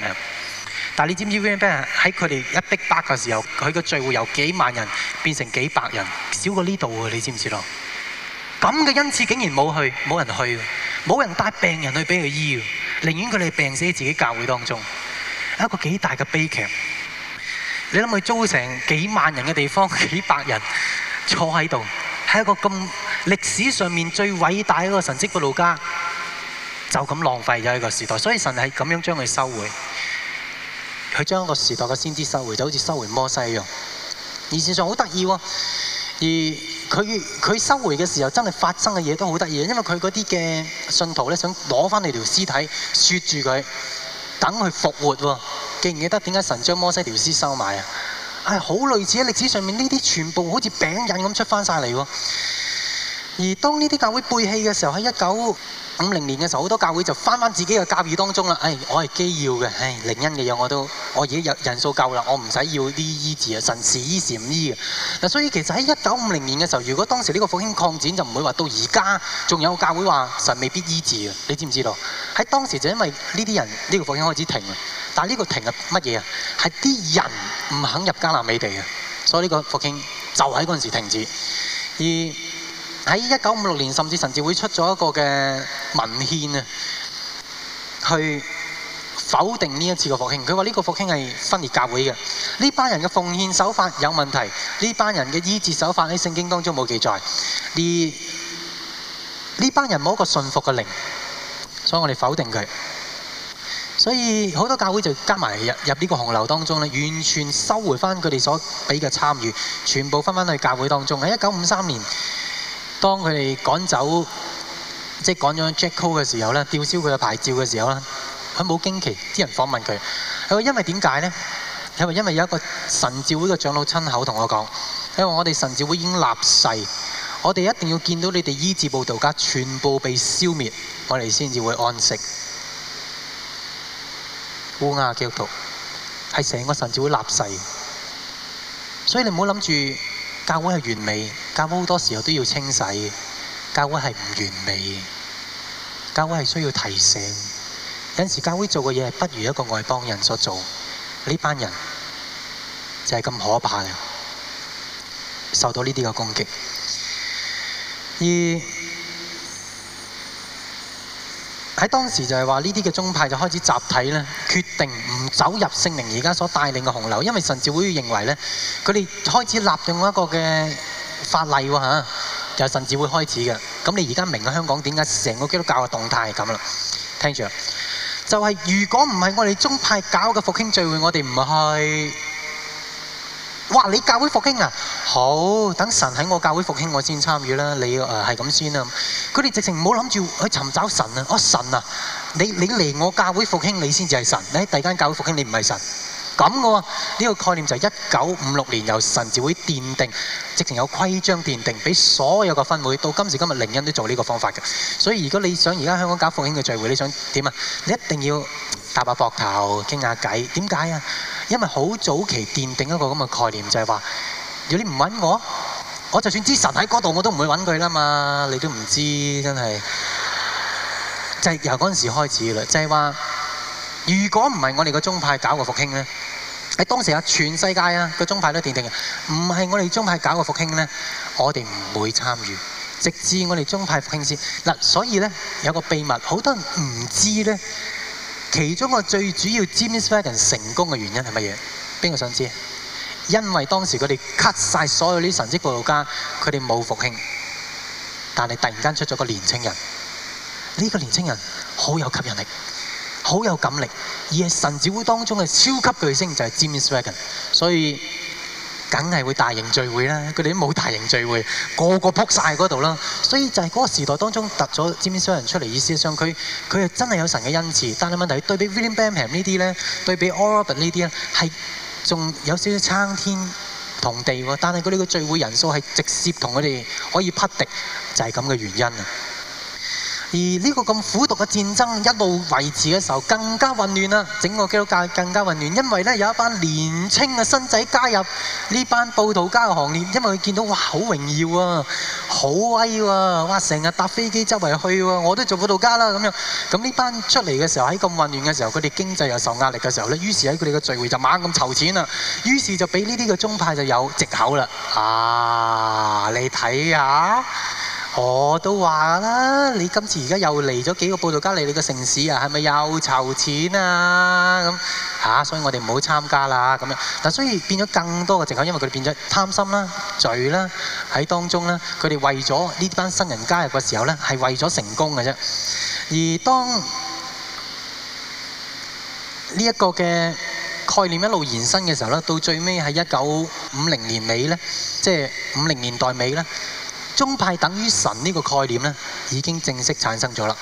但係你知唔知 Branham 喺佢哋一逼巴嘅時候，佢個聚會由幾萬人變成幾百人，少過呢度㗎，你知唔知咯？咁嘅恩賜竟然冇去，冇人去，冇人帶病人去俾佢醫㗎，寧願佢哋病死喺自己教會當中，係一個幾大嘅悲劇。你諗佢租成幾萬人嘅地方，幾百人？坐喺度，喺一個咁歷史上面最偉大嘅一個神蹟嘅老家，就咁浪費咗一個時代，所以神係咁樣將佢收回，佢將一個時代嘅先知收回，就好似收回摩西一樣。而事實上好得意，而佢，佢收回嘅時候，真係發生嘅嘢都好得意，因為佢嗰啲嘅信徒咧想攞翻你條屍體，雪住佢，等佢復活。記唔記得點解神將摩西條屍收埋啊？係好類似喺歷史上面呢啲全部好似餅印咁出翻晒嚟喎。而當呢啲教會背棄嘅時候，喺一九五零年嘅時候，好多教會就翻翻自己嘅教義當中啦。誒、哎，我係基要嘅，誒、哎，靈恩嘅嘢我都，我而家有人數夠啦，我唔使要啲醫治啊，神是醫是唔醫嘅。嗱，所以其實喺一九五零年嘅時候，如果當時呢個復興擴展，就唔會話到而家仲有教會話神未必醫治嘅。你知唔知道？喺當時就因為呢啲人，呢、這個復興開始停。但呢個停係乜嘢啊？係啲人唔肯入迦南美地嘅，所以呢個復興就喺嗰陣時停止。而喺一九五六年，甚至甚至會出咗一個嘅文獻啊，去否定呢一次嘅復興。佢話呢個復興係分裂教會嘅，呢班人嘅奉獻手法有問題，呢班人嘅醫治手法喺聖經當中冇記載，而呢班人冇一個信服嘅靈，所以我哋否定佢。所以好多教會就加埋入入呢個洪流當中咧，完全收回翻佢哋所俾嘅參與，全部分返去教會當中。喺一九五三年，當佢哋趕走，即係趕咗 Jack Cole 嘅時候咧，吊銷佢嘅牌照嘅時候啦，佢冇驚奇，啲人訪問佢，佢話因為點解呢？佢話因為有一個神召會嘅長老親口同我講，佢話我哋神召會已經立誓，我哋一定要見到你哋醫治佈道家全部被消滅，我哋先至會安息。烏亞基督徒係成個神至會立誓，所以你唔好諗住教會係完美，教會好多時候都要清洗，教會係唔完美，教會係需要提醒，有陣時教會做嘅嘢係不如一個外邦人所做，呢班人就係咁可怕嘅，受到呢啲嘅攻擊，喺當時就係話呢啲嘅宗派就開始集體咧，決定唔走入聖靈而家所帶領嘅洪流，因為神召會認為咧，佢哋開始立定一個嘅法例喎嚇、啊，就神召會開始嘅。咁你而家明嘅香港點解成個基督教嘅動態係咁啦？聽住，就係如果唔係我哋宗派搞嘅復興聚會，我哋唔去。哇！你教會復興啊？好，等神喺我教會復興，我先參與啦。你誒係咁先啦。佢、呃、哋直情唔好諗住去尋找神啊！我、哦、神啊！你你嚟我教會復興你，你先至係神。喺第二間教會復興，你唔係神。咁嘅喎，呢個概念就係一九五六年由神字會奠定，直情有規章奠定，俾所有個分會到今時今日，靈恩都做呢個方法嘅。所以如果你想而家香港搞復興嘅聚會，你想點啊？你一定要搭下膊頭傾下偈。點解啊？因為好早期奠定一個咁嘅概念，就係話：如果你唔揾我，我就算知神喺嗰度，我都唔會揾佢啦嘛。你都唔知，真係就係由嗰陣時開始啦。就係話，如果唔係我哋個宗派搞個復興咧，喺當時啊，全世界啊，個宗派都係奠定嘅，唔係我哋宗派搞個復興咧，我哋唔會參與。直至我哋宗派復興先嗱，所以咧有個秘密，好多人唔知咧。其中個最主要 Jimmy Swaggart 成功嘅原因係乜嘢？邊個想知？因為當時佢哋 cut 晒所有啲神職佈道家，佢哋冇復興，但係突然間出咗個年青人，呢、這個年青人好有吸引力，好有感力，而係神召會當中嘅超級巨星就係 Jimmy Swaggart，所以。梗係會大型聚會啦，佢哋都冇大型聚會，個個撲曬喺嗰度啦。所以就係嗰個時代當中突咗尖尖商人出嚟，意思係佢，佢係真係有神嘅恩賜。但係問題對比 William Bingham 呢啲咧，對比 Orabat 呢啲咧，係仲有少少參天同地喎。但係佢哋嘅聚會人數係直接同我哋可以匹敵，就係咁嘅原因。而呢個咁苦毒嘅戰爭一路維持嘅時候，更加混亂啦！整個基督教更加混亂，因為呢有一班年青嘅新仔加入呢班布道家嘅行列，因為佢見到哇好榮耀啊，好威喎、啊！哇，成日搭飛機周圍去喎、啊，我都做布道家啦咁樣。咁呢班出嚟嘅時候喺咁混亂嘅時候，佢哋經濟又受壓力嘅時候呢，於是喺佢哋嘅聚會就猛咁籌錢啦。於是就俾呢啲嘅宗派就有藉口啦。啊，你睇下。我都話啦，你今次而家又嚟咗幾個報道加嚟你個城市啊？係咪又籌錢啊？咁、啊、所以我哋唔好參加啦咁樣。但所以變咗更多嘅藉口，因為佢哋變咗貪心啦、啊、罪啦喺當中咧。佢哋為咗呢班新人加入嘅時候咧，係為咗成功嘅啫。而當呢一個嘅概念一路延伸嘅時候咧，到最尾喺一九五零年尾咧，即係五零年代尾咧。宗派等於神呢個概念呢，已經正式產生咗啦。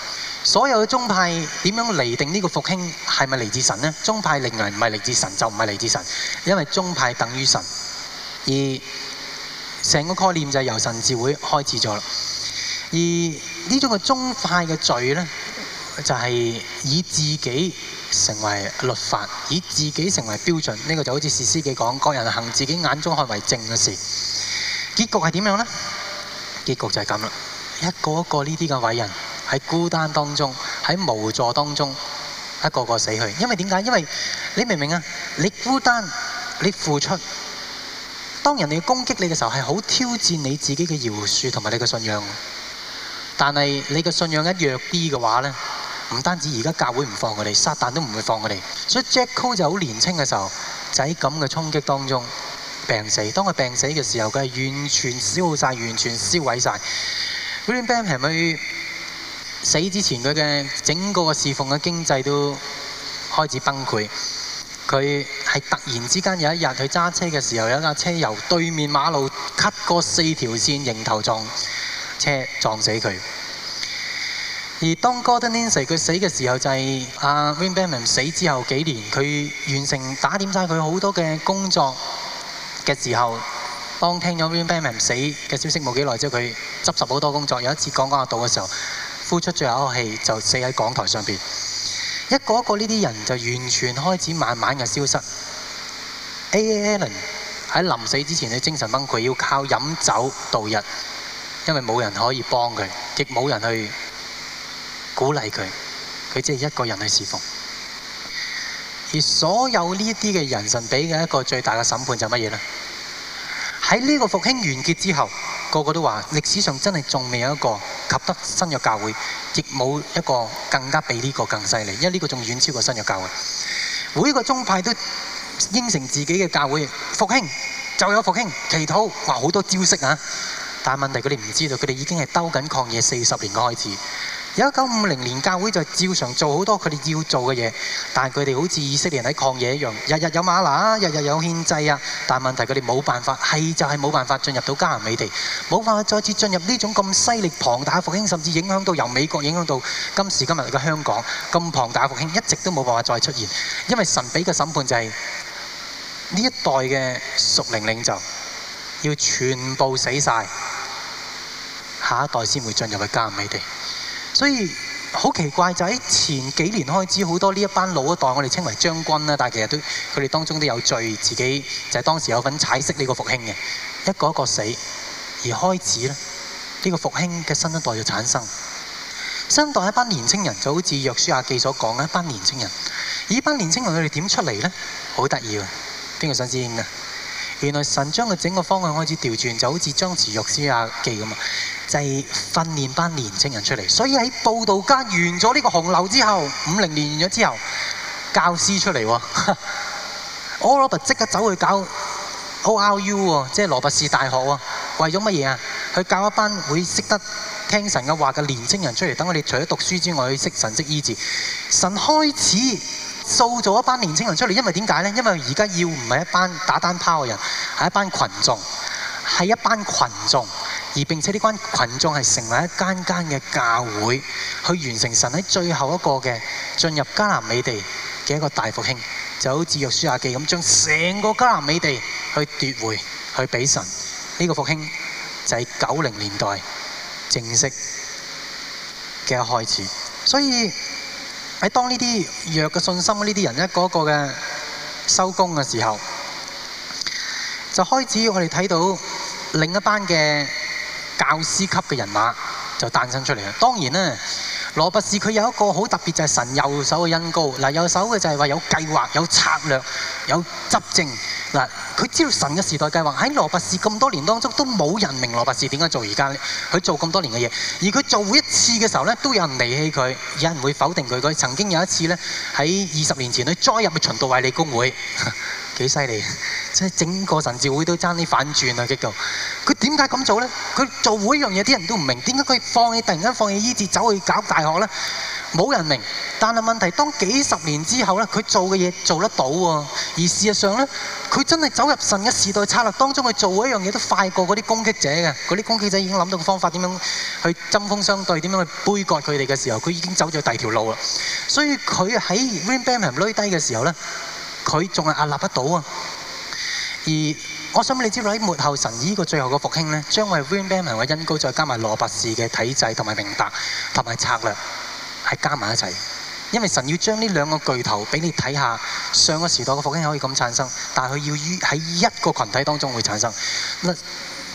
所有嘅宗派點樣釐定呢個復興係咪嚟自神呢？宗派靈恩唔係嚟自神就唔係嚟自神，因為宗派等於神，而成個概念就係由神智會開始咗啦。而呢種嘅宗派嘅罪呢，就係以自己成為律法，以自己成為標準。呢個就好似士師記講：各人行自己眼中看為正嘅事。結局係點樣呢？結局就係咁啦，一個一個呢啲嘅偉人喺孤單當中，喺無助當中，一個個死去。因為點解？因為你明唔明啊？你孤單，你付出，當人哋攻擊你嘅時候，係好挑戰你自己嘅饒恕同埋你嘅信仰。但係你嘅信仰一弱啲嘅話呢，唔單止而家教會唔放佢哋，撒旦都唔會放佢哋。所以 Jack Cole 就好年青嘅時候，就喺咁嘅衝擊當中。病死。當佢病死嘅時候，佢係完全消耗曬、完全消毀晒。William Bingham 係咪死之前，佢嘅整個侍奉嘅經濟都開始崩潰。佢係突然之間有一日，佢揸車嘅時候，有一架車由對面馬路 cut 過四條線，迎頭撞車撞死佢。而當 Gordon Nene 佢死嘅時候，就是，就係阿 William Bingham 死之後幾年，佢完成打點晒佢好多嘅工作。嘅時候，當聽咗 William 死嘅消息冇幾耐之後，佢執拾好多工作。有一次講講下道嘅時候，呼出最後一口氣就死喺講台上邊。一個一個呢啲人就完全開始慢慢嘅消失。Alan 喺臨死之前嘅精神崩潰，要靠飲酒度日，因為冇人可以幫佢，亦冇人去鼓勵佢。佢只係一個人去侍奉。而所有呢啲嘅人神俾嘅一個最大嘅審判就係乜嘢呢？喺呢個復興完結之後，個個都話：歷史上真係仲未有一個及得新約教會，亦冇一個更加比呢個更犀利。因為呢個仲遠超過新約教會，每一個宗派都應承自己嘅教會復興就有復興，祈禱話好多招式啊！但係問題佢哋唔知道，佢哋已經係兜緊曠野四十年嘅開始。有1950年教會就照常做好多佢哋要做嘅嘢，但係佢哋好似以色列人喺曠野一樣，日日有嗎哪，日日有獻祭啊！但係問題佢哋冇辦法，係就係冇辦法進入到迦南美地，冇辦法再次進入呢種咁犀利龐大嘅復興，甚至影響到由美國影響到今時今日嘅香港咁龐大嘅復興，一直都冇辦法再出現，因為神俾嘅審判就係呢一代嘅屬靈領袖要全部死晒，下一代先會進入去迦南美地。所以好奇怪，就喺、是、前幾年開始，好多呢一班老一代，我哋稱為將軍啦，但係其實都佢哋當中都有罪，自己就係當時有份踩熄呢個復興嘅，一個一個死，而開始咧，呢、這個復興嘅新一代就產生，新一代一班年青人就好似約書亞記所講嘅一班年青人，而呢班年青人佢哋點出嚟呢？好得意啊！邊個想知啊？原來神將佢整個方向開始調轉，就好似張持約書亞記咁啊！就係訓練班年青人出嚟，所以喺報道間完咗呢個紅樓之後，五零年完咗之後，教師出嚟喎，Oral Roberts 即刻走去教 ORU 即係羅拔士大學喎，為咗乜嘢啊？去教一班會識得聽神嘅話嘅年青人出嚟，等我哋除咗讀書之外，去識神識醫治。神開始塑造了一班年青人出嚟，因為點解呢？因為而家要唔係一班打單拋嘅人，係一班群，群眾，係一班群眾。而並且呢關羣眾係成為一間間嘅教會，去完成神喺最後一個嘅進入迦南美地嘅一個大復興，就好似約書亞記咁，將成個迦南美地去奪回，去俾神。呢個復興就係九零年代正式嘅一開始。所以喺當呢啲弱嘅信心嘅呢啲人一個個嘅收工嘅時候，就開始我哋睇到另一班嘅。教師級嘅人馬就誕生出嚟啦。當然咧，羅伯士佢有一個好特別，就係神右手嘅恩膏。嗱，右手嘅就係話有計劃、有策略、有執政。嗱，佢知道神嘅時代計劃喺羅伯士咁多年當中都冇人明羅伯士點解做而家咧。佢做咁多年嘅嘢，而佢做一次嘅時候呢，都有人離棄佢，有人會否定佢。佢曾經有一次呢，喺二十年前佢再入去循道衛理公會。幾犀利即係整個神召會都差啲反轉啊！激到佢點解咁做呢？佢做每一樣嘢，啲人都唔明點解佢放棄，突然間放棄醫治走去搞大學呢？冇人明。但係問題是當幾十年之後呢，佢做嘅嘢做得到喎。而事實上呢，佢真係走入神嘅時代策略當中去做一樣嘢，都快過嗰啲攻擊者嘅。嗰啲攻擊者已經諗到方法點樣去針鋒相對，點樣去杯葛佢哋嘅時候，佢已經走咗第二條路啦。所以佢喺 Rainbow 係唔衰低嘅時候呢。佢仲係壓納不到啊！而我想你知道喺末後神呢個最後嘅復興呢，將會係 w i n n m a n n 或者恩膏再加埋羅伯士嘅體制同埋明白同埋策略係加埋一齊。因為神要將呢兩個巨頭俾你睇下上個時代嘅復興可以咁產生，但係佢要於喺一個群體當中會產生。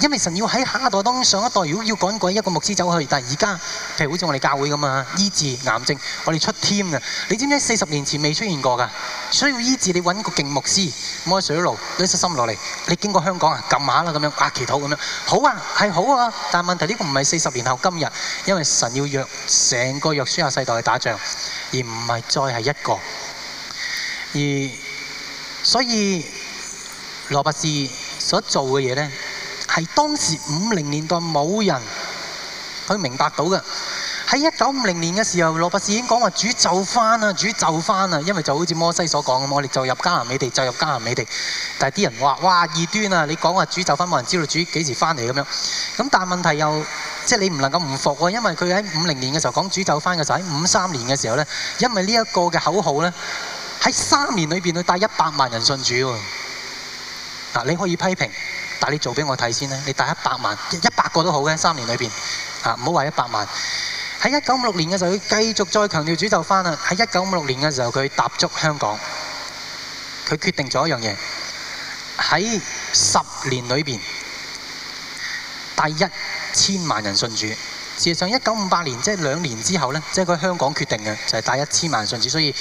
因為神要喺下一代當上一代，如果要趕趕一個牧師走去，但而家譬如好似我哋教會咁啊，醫治癌症，我哋出 team 啊，你知唔知四十年前未出現過噶？需要醫治，你揾個勁牧師摸水路，一失心落嚟，你經過香港啊，撳下啦咁樣，啊祈禱咁樣，好啊，係好啊，但問題呢個唔係四十年後今日，因為神要約成個約書亞世代去打仗，而唔係再係一個。而所以羅伯斯所做嘅嘢呢，係當時五零年代冇人去明白到嘅。喺一九五零年嘅時候，羅伯士已經講話主就翻啊，主就翻啊，因為就好似摩西所講咁，我哋就入迦南美地，就入迦南美地。但係啲人話：「哇，異端啊！」你講話主就翻，冇人知道主幾時翻嚟咁樣。咁但係問題又即係你唔能夠唔服喎，因為佢喺五零年嘅時候講主就翻嘅時候，喺五三年嘅時候呢，因為呢一個嘅口號呢，喺三年裏邊去帶一百萬人信主。嗱，你可以批評。但你做俾我睇先啦，你帶一百萬，一百個都好嘅，三年裏邊嚇，唔好話一百萬。喺一九五六年嘅時候，佢繼續再強調主就返啦。喺一九五六年嘅時候，佢踏足香港，佢決定咗一樣嘢，喺十年裏邊帶一千萬人信主。事實上，一九五八年即係兩年之後咧，即係佢香港決定嘅就係、是、帶一千萬信主，所以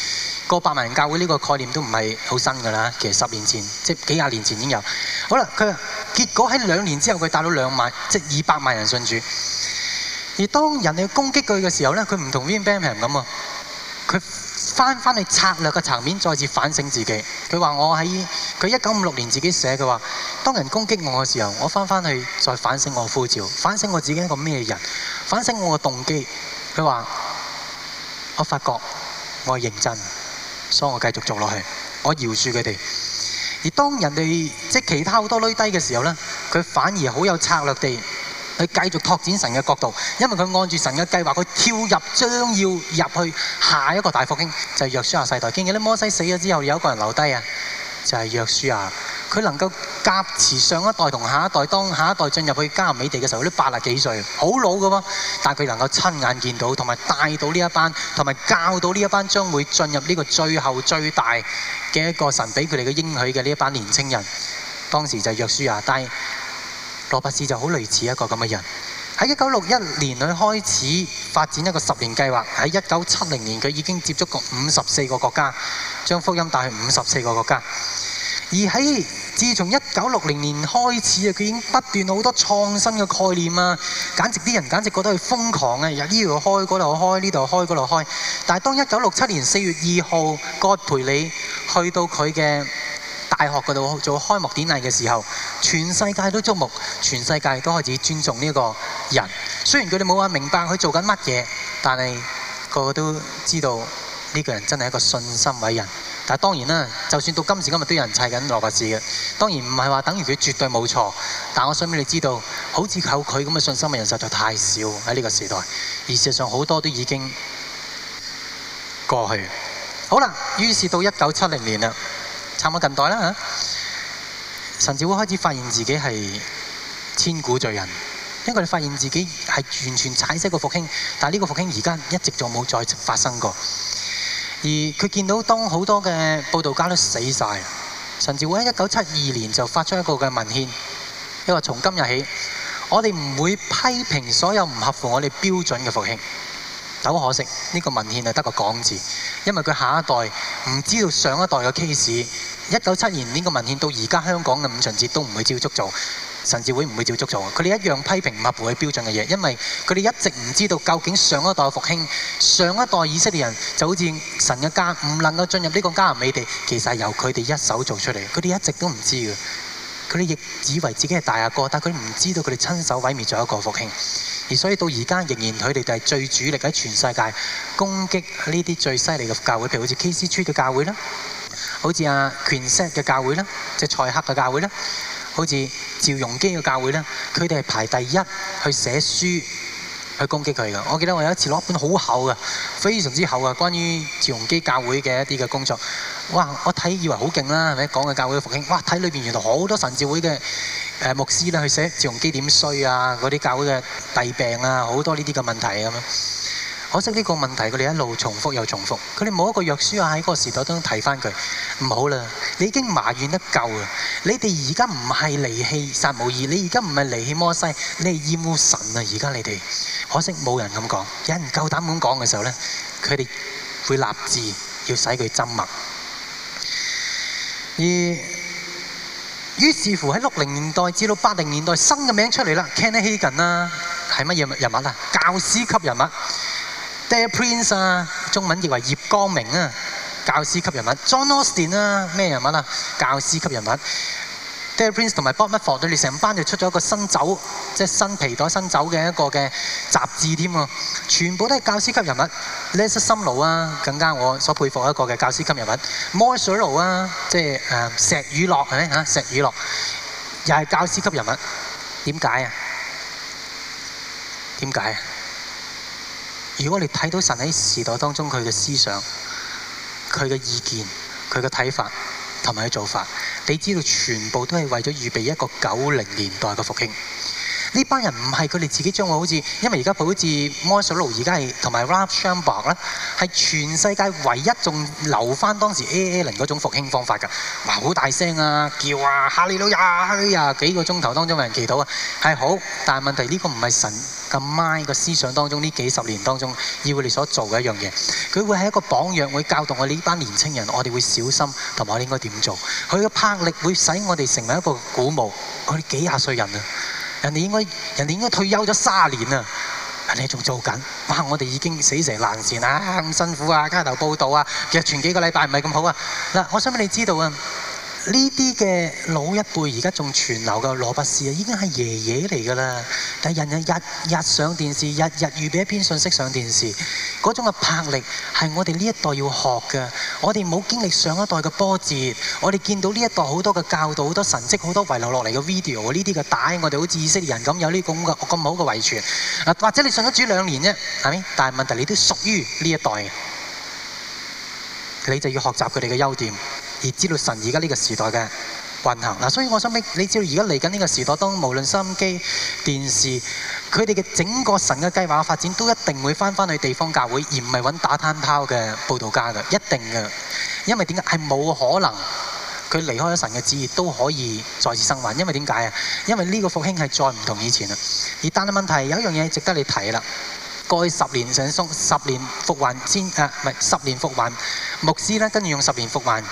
過百萬人教會呢個概念都唔係好新㗎啦。其實十年前即係、就是、幾廿年前已經有。好啦，佢結果喺兩年之後佢帶到兩萬，即、就、係、是、二百萬人信主。而當人哋攻擊佢嘅時候咧，佢唔同 Van Bamer 咁啊，佢。翻翻去策略嘅層面，再次反省自己。佢話：我喺佢一九五六年自己寫嘅話：當人攻擊我嘅時候，我翻翻去再反省我呼召，反省我自己係一個咩人，反省我嘅動機。佢話：我發覺我係認真，所以我繼續做落去，我饒恕佢哋。而當人哋即其他好多衰低嘅時候呢，佢反而好有策略地。佢繼續拓展神嘅角度，因為佢按住神嘅計劃，佢跳入將要入去下一個大復興，就係約書亞世代。見唔見摩西死咗之後，有一個人留低啊？就係約書亞，佢能夠夾持上一代同下一代，當下一代進入去迦南美地嘅時候，都八十幾歲，好老嘅喎，但係佢能夠親眼見到，同埋帶到呢一班，同埋教到呢一班將會進入呢個最後最大嘅一個神俾佢哋嘅應許嘅呢一班年輕人，當時就係約書亞帶。羅伯士就好類似一個咁嘅人，喺一九六一年佢開始發展一個十年計劃，喺一九七零年佢已經接觸過五十四個國家，將福音帶去五十四個國家。而喺自從一九六零年開始啊，佢已經不斷好多創新嘅概念啊，簡直啲人簡直覺得佢瘋狂啊！由呢度開，嗰度開，呢度開，嗰度開。但係當一九六七年四月二號，葛培理去到佢嘅大學嗰度做開幕典禮嘅時候，全世界都矚目，全世界都開始尊重呢個人。雖然佢哋冇話明白佢做緊乜嘢，但係個個都知道呢、這個人真係一個信心偉人。但係當然啦，就算到今時今日都有人砌緊羅伯茨嘅。當然唔係話等於佢絕對冇錯，但我想俾你知道，好似靠佢咁嘅信心偉人實在太少喺呢個時代。而事實上好多都已經過去了。好啦，於是到一九七零年啦。撐到近代啦，甚至會開始發現自己係千古罪人，因為佢發現自己係完全踩死個復興，但係呢個復興而家一直就冇再發生過。而佢見到當好多嘅報道家都死晒，曬，甚至喺一九七二年就發出一個嘅文獻，佢話：從今日起，我哋唔會批評所有唔合乎我哋標準嘅復興。但好可惜，呢、這個文獻係得個講字，因為佢下一代唔知道上一代嘅 case。一九七二年呢個文件到而家香港嘅五旬節都唔會照足做，甚至會唔會照足做？佢哋一樣批評唔合乎佢標準嘅嘢，因為佢哋一直唔知道究竟上一代復興、上一代以色列人就好似神嘅家，唔能夠進入呢個迦南美地，其實係由佢哋一手做出嚟，佢哋一直都唔知嘅。佢哋亦以為自己係大阿哥，但佢唔知道佢哋親手毀滅咗一個復興，而所以到而家仍然佢哋就係最主力喺全世界攻擊呢啲最犀利嘅教會，譬如好似 KC 區嘅教會啦。好似啊權勢嘅教會啦，即蔡克嘅教會啦，好似趙容基嘅教會啦。佢哋係排第一去寫書去攻擊佢噶。我記得我有一次攞一本好厚嘅，非常之厚嘅，關於趙容基教會嘅一啲嘅工作。哇！我睇以為好勁啦，係咪講嘅教會嘅復興？哇！睇裏邊原來好多神召會嘅誒牧師咧去寫趙容基點衰啊，嗰啲教會嘅弊病啊，好多呢啲嘅問題啊嘛～可惜呢個問題，佢哋一路重複又重複，佢哋冇一個約書亞喺個時代中提翻佢。唔好啦，你已經埋怨得夠啦。你哋而家唔係離棄撒母耳，你而家唔係離棄摩西，你係厭惡神啊！而家你哋可惜冇人咁講，有人夠膽咁講嘅時候呢，佢哋會立志要使佢憎惡。而於是乎喺六零年代至到八零年代，新嘅名出嚟啦 Ken Hagin 啦，係乜嘢人物啊？教師級人物。Derek Prince 啊，中文譯為葉光明啊，教師級人物。John Austin 啊，咩人物啊？教師級人物。Derek Prince 同埋 Bob McFaul，你成班就出咗一個新酒，即係新皮袋新酒嘅一個嘅雜誌添啊。全部都係教師級人物。Les 心奴啊，um、lo，更加我所佩服一個嘅教師級人物。Moisey Lou 啊，lo，即係誒石雨樂，係嚇石雨樂，又係教師級人物。點解啊？點解？如果你睇到神喺時代當中佢嘅思想、佢嘅意見、佢嘅睇法同埋佢做法，你知道全部都係為咗預備一個九零年代嘅復興。呢班人唔係佢哋自己將會好似，因為而家好似 m o s o l o 而家係同埋 Rabshambh 咧，係全世界唯一仲留翻當時 Alan 嗰種復興方法㗎。哇，好大聲啊，叫啊，哈利路亞，哈利路亞幾個鐘頭當中有人祈禱啊，係好。但係問題呢個唔係神咁 mind 嘅思想當中呢幾十年當中要你所做嘅一樣嘢。佢會係一個榜樣，會教導我呢班年青人，我哋會小心同埋我哋應該點做。佢嘅魄力會使我哋成為一個鼓舞。我哋幾廿歲人啊！人哋應該，人哋應該退休咗三年啦，啊，人哋仲做緊。我哋已經死纏爛打啊，咁、啊、辛苦啊，加頭報道啊，其實前幾個禮拜唔係咁好啊。我想俾你知道啊。呢啲嘅老一輩而家仲存留嘅羅拔士啊，已經係爺爺嚟㗎啦。但係人人日日上電視，日日預備一篇訊息上電視，嗰種嘅魄力係我哋呢一代要學嘅。我哋冇經歷上一代嘅波折，我哋見到呢一代好多嘅教導，好多神蹟，好多遺留落嚟嘅 video。呢啲嘅帶我哋好似以色列人咁有呢個咁好嘅遺傳。或者你信咗主兩年啫，係咪？但係問題你都屬於呢一代，你就要學習佢哋嘅優點。而知道神而家呢個時代嘅運行嗱，所以我想俾你知道而家嚟緊呢個時代當無論收音機、電視，佢哋嘅整個神嘅計劃發展都一定會翻返去地方教會，而唔係揾打攤泡嘅報道家嘅，一定嘅。因為點解？係冇可能佢離開咗神嘅旨意都可以再次生還。因為點解啊？因為呢個復興係再唔同以前啦。而單單問題有一樣嘢值得你睇啦，過去十年神鬆十年復還千啊，唔係十年復還牧師咧，跟住用十年復還。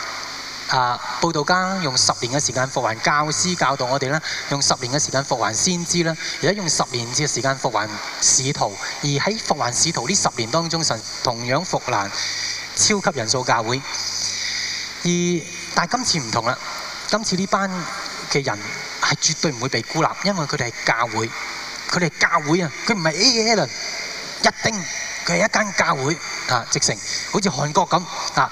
啊！報道家用十年嘅時間復還教師教導我哋啦。用十年嘅時間復還先知啦。而家用十年嘅時間復還使徒，而喺復還使徒呢十年當中，神同樣復臨超級人數教會。而但係今次唔同啦，今次呢班嘅人係絕對唔會被孤立，因為佢哋係教會，佢哋係教會啊！佢唔係 AL，一定佢係一間教會啊！直成，好似韓國咁啊！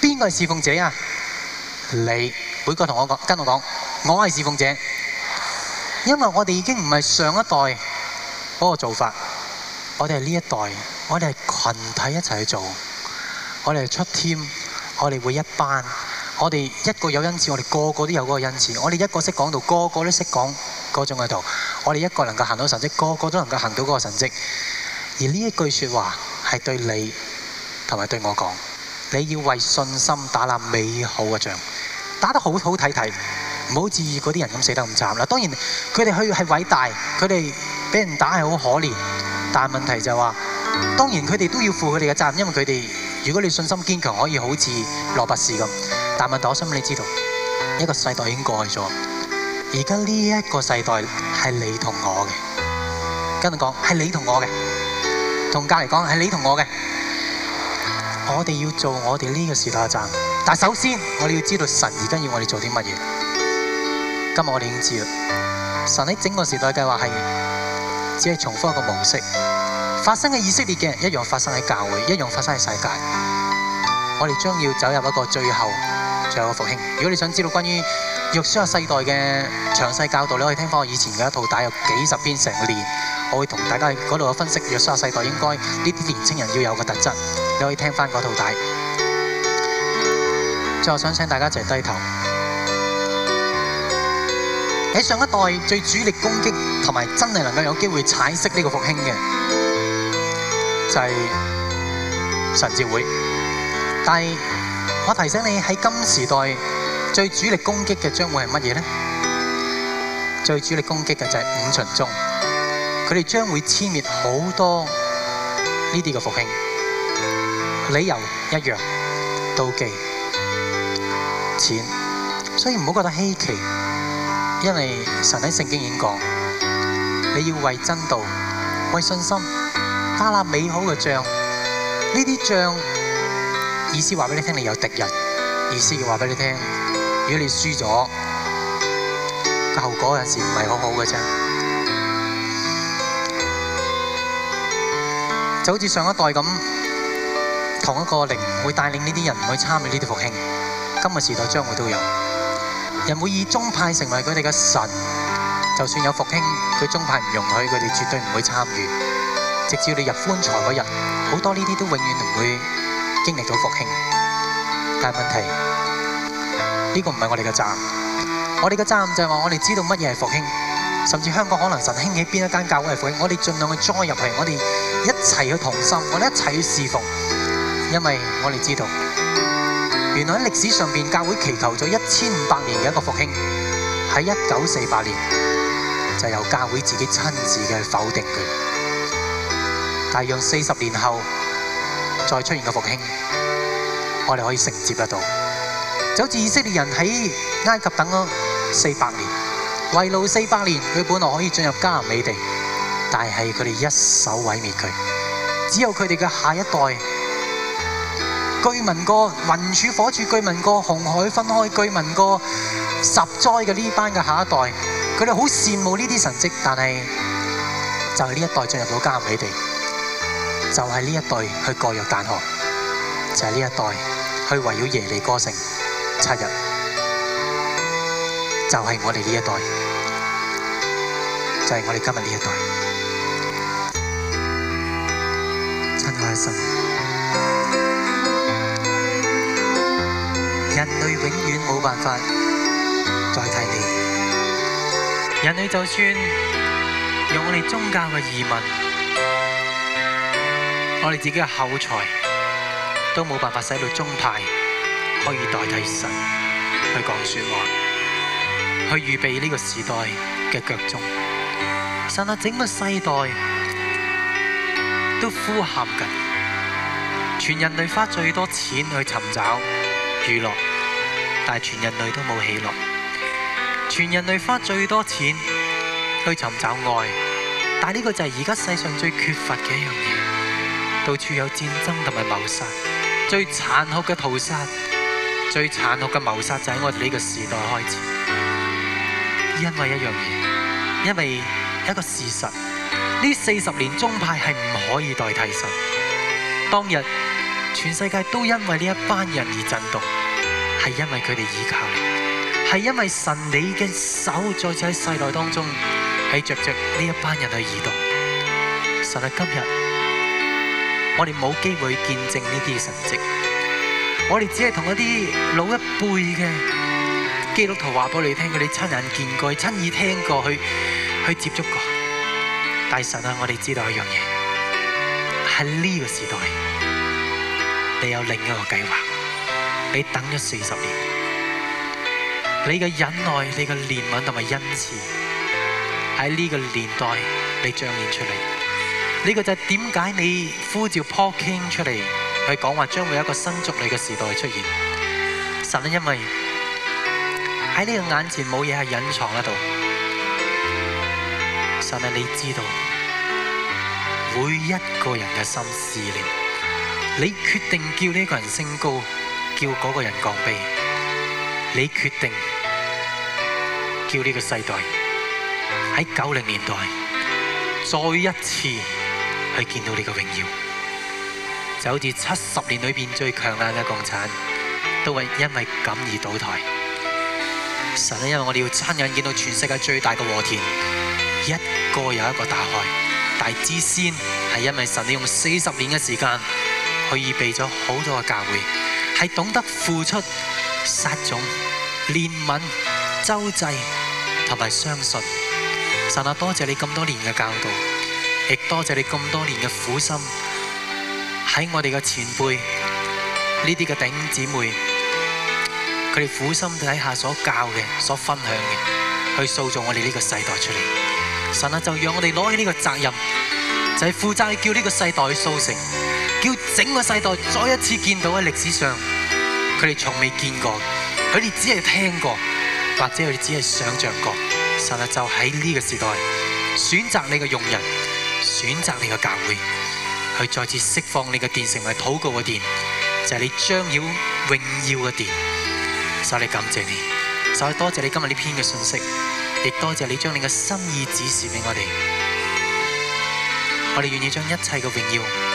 邊個係侍奉者啊？你每個同我講，跟我講，我係侍奉者，因為我哋已經唔係上一代嗰個做法，我哋係呢一代，我哋係群體一齊去做，我哋係出 team，我哋會一班，我哋一個有恩賜，我哋個個都有嗰個恩賜，我哋一個識講道，個個都識講嗰種嘅道，我哋一個能夠行到神跡，個個都能夠行到嗰個神跡，而呢一句說話係對你同埋對我講。你要為信心打那美好嘅仗，打得很好好睇睇，唔好似嗰啲人咁死得咁慘啦。當然佢哋去係偉大，佢哋俾人打係好可憐，但係問題就係話，當然佢哋都要負佢哋嘅責任，因為佢哋如果你信心堅強，可以好似羅拔士咁。但係問題我想，你知道一個世代已經過去咗，而家呢一個世代係你同我嘅，跟住講係你同我嘅，同隔籬講係你同我嘅。我哋要做我哋呢個時代嘅仗，但係首先我哋要知道神而家要我哋做啲乜嘢。今日我哋已經知啦，神喺整個時代計劃係只係重複一個模式，發生喺以色列嘅一樣發生喺教會，一樣發生喺世界。我哋將要走入一個最後最後嘅復興。如果你想知道關於約書亞世代嘅詳細教導，你可以聽翻我以前嘅一套帶，有幾十篇成年，我會同大家喺嗰度嘅分析約書亞世代應該呢啲年青人要有嘅特質。你可以聽翻嗰套帶，最後想請大家一齊低頭。喺上一代最主力攻擊同埋真係能夠有機會踩熄呢個復興嘅，就係神召會。但係我提醒你喺今時代最主力攻擊嘅將會係乜嘢咧？最主力攻擊嘅就係五旬宗，佢哋將會殲滅好多呢啲嘅復興。理由一樣，妒忌錢，所以唔好覺得稀奇，因為神喺聖經已經講，你要為真道、為信心打那美好嘅仗，呢啲仗意思話俾你聽，你有敵人，意思話俾你聽，如果你輸咗，後後果有時唔係好好嘅啫，就好似上一代一同一個靈會帶領呢啲人去參與呢啲復興。今日時代將會都有人會以宗派成為佢哋嘅神。就算有復興，佢宗派唔容許，佢哋絕對唔會參與。直至你入棺材嗰日，好多呢啲都永遠唔會經歷到復興。但係問題呢個唔係我哋嘅責任，我哋嘅責任就係話我哋知道乜嘢係復興。甚至香港可能神興起邊一間教會係復興，我哋盡量去 join 入去，我哋一齊去同心，我哋一齊去侍奉。因為我哋知道，原來喺歷史上面，教會祈求咗一千五百年嘅一個復興，喺一九四八年就由教會自己親自嘅否定佢，但係用四十年後再出現嘅復興，我哋可以承接得到，就好似以色列人喺埃及等咗四百年，圍路四百年，佢本來可以進入迦南美地，但係佢哋一手毀滅佢，只有佢哋嘅下一代。居民過雲柱火柱，居民過紅海分開，居民過十災嘅呢班嘅下一代，佢哋好羨慕呢啲神跡，但係就係、是、呢一代進入到迦南地，就係、是、呢一代去過約但河，就係、是、呢一代去圍繞耶利哥城七日，就係、是、我哋呢一代，就係、是、我哋今日呢一代，真開心。人類永遠冇辦法代替你。人類就算用我哋宗教嘅儀文，我哋自己嘅口才，都冇辦法使到宗派可以代替神去講說話，去預備呢個時代嘅腳蹤。甚至，整個世代都呼喊緊，全人類花最多錢去尋找。娛樂，但係全人類都冇喜樂，全人類花最多錢去尋找愛，但係呢個就係而家世上最缺乏嘅一樣嘢。到處有戰爭同埋謀殺，最殘酷嘅屠殺、最殘酷嘅謀殺就喺我哋呢個時代開始，因為一樣嘢，因為一個事實，呢四十年宗派係唔可以代替神。當日。全世界都因為呢一班人而震動，係因為佢哋倚靠，係因為神你嘅手再次喺世代當中喺着着呢一班人去移動。神啊，今日，我哋冇機會見證呢啲神蹟，我哋只係同一啲老一輩嘅基督徒話俾你聽，佢哋親眼見過、親耳聽過、去去接觸過。但係神啊，我哋知道一樣嘢，喺呢個時代。你有另一個計劃，你等咗四十年，你嘅忍耐、你嘅憐憫同埋恩慈喺呢個年代被彰顯出嚟。呢、這個就是點解你呼召 Paul King 出嚟去講話，將會有一個新族類嘅時代出現。神因為喺你嘅眼前冇嘢係隱藏喺度，神呢，你知道每一個人嘅心思念。你決定叫呢個人升高，叫嗰個人降卑。你決定叫呢個世代喺九零年代再一次去見到呢個榮耀，就好似七十年裏面最強硬嘅共產都會因為咁而倒台。神呢，因為我哋要親眼見到全世界最大嘅禾田一個又一個打開，大至先係因為神你用四十年嘅時間。預備咗好多嘅教會，係懂得付出、撒種、憐憫、周濟同埋相信。神啊，多謝你咁多年嘅教導，亦多謝你咁多年嘅苦心，喺我哋嘅前輩呢啲嘅頂姊妹，佢哋苦心底下所教嘅、所分享嘅，去塑造我哋呢個世代出嚟。神啊，就讓我哋攞起呢個責任，就係、是、負責去叫呢個世代去塑成。要整個世代再一次見到喺歷史上，佢哋從未見過，佢哋只係聽過，或者佢哋只係想像過。實在就喺呢個時代，選擇你嘅用人，選擇你嘅教會，去再次釋放你嘅電成為禱告嘅電，就係、是、你將要榮耀嘅電。所以你感謝你，所以多謝你今日呢篇嘅信息，亦多謝你將你嘅心意指示俾我哋。我哋願意將一切嘅榮耀。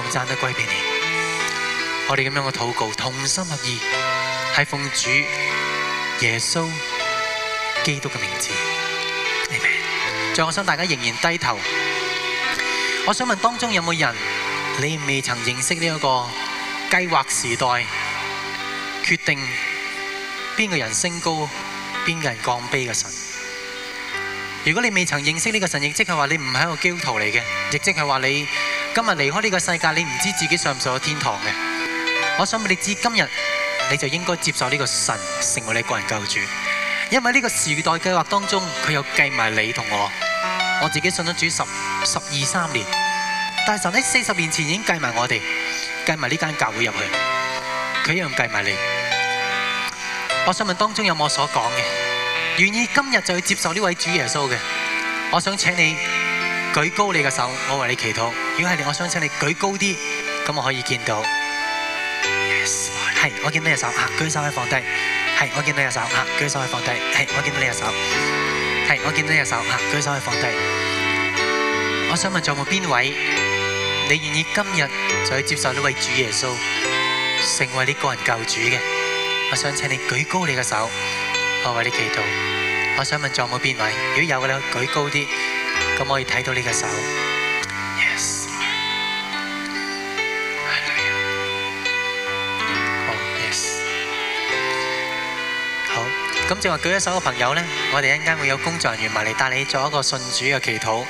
仲讚得歸畀你，我哋這樣嘅禱告，同心合意，係奉主耶穌基督嘅名字。再我想大家仍然低頭，我想問當中有冇有人你未曾認識呢一個計劃時代決定邊個人升高邊個人降卑嘅神？如果你未曾認識呢個神，亦即係話你唔係一個基督徒嚟嘅，亦即係話你。今日離開呢個世界，你唔知自己上唔上到天堂嘅。我想問你，至今日你就應該接受呢個神成為你個人救主，因為呢個時代計劃當中佢有計埋你同我。我自己信咗主十十二三年，但神喺四十年前已經計埋我哋，計埋呢間教會入去，佢一樣計埋你。我想問當中有冇所講嘅，願意今日就去接受呢位主耶穌嘅？我想請你。舉高你嘅手，我為你祈禱。如果係你，我想請你舉高啲，咁我可以見到。係，我見到隻手吓，舉手可以放低。係，我見到隻手吓，舉手可以放低。係，我見到你隻手。係，我見到隻手吓，舉手可以放低。我想問在座邊位，你願意今日就去接受呢位主耶穌，成為你個人救主嘅？我想請你舉高你嘅手，我為你祈禱。我想問在座邊位，如果有嘅你，舉高啲。咁可以睇到你嘅手，Yes，阿利亞，哦 Yes，好，咁就話舉一手嘅朋友呢，我哋一陣間會有工作人員埋嚟帶你做一個信主嘅祈禱，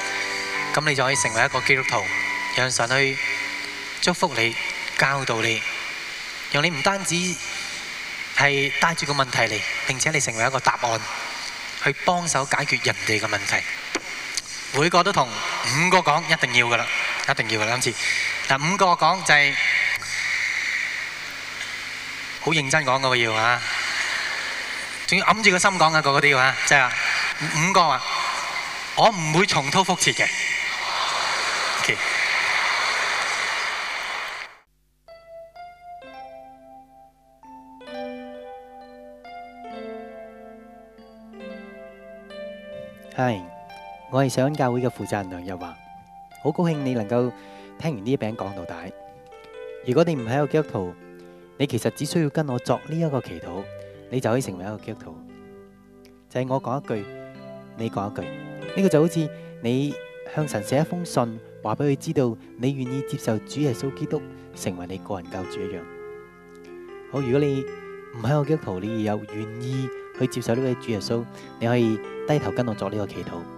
咁你就可以成為一個基督徒，讓神去祝福你、教導你，讓你唔單止係帶住個問題嚟，並且你成為一個答案，去幫手解決人哋嘅問題。每個都同五個講，一定要㗎喇，一定要㗎喇今次。嗱，五個講就係好認真講噶喎，要啊，仲要揞住個心講啊，嗰個啲啊，即係五個啊，我唔會重蹈覆轍嘅。係。我係上恩教會嘅負責人梁日華，好高興你能夠聽完呢一篇講到底。如果你唔喺個基督徒，你其實只需要跟我作呢一個祈禱，你就可以成為一個基督徒。就係我講一句，你講一句，呢個就好似你向神寫一封信，話俾佢知道你願意接受主耶穌基督成為你個人救主一樣。好，如果你唔喺個基督徒，你又願意去接受呢位主耶穌，你可以低頭跟我作呢個祈禱。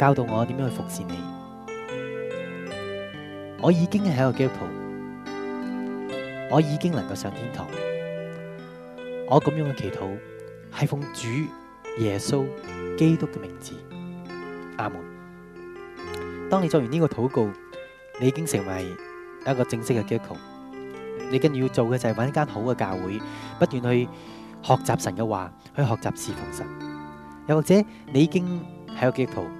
教到我點樣去服侍你，我已經係一個基督徒，我已經能夠上天堂。我咁樣嘅祈禱係奉主耶穌基督嘅名字，阿門。當你做完呢個禱告，你已經成為一個正式嘅基督徒。你跟住要做嘅就係揾一間好嘅教會，不斷去學習神嘅話，去學習侍奉神。又或者你已經喺個教會。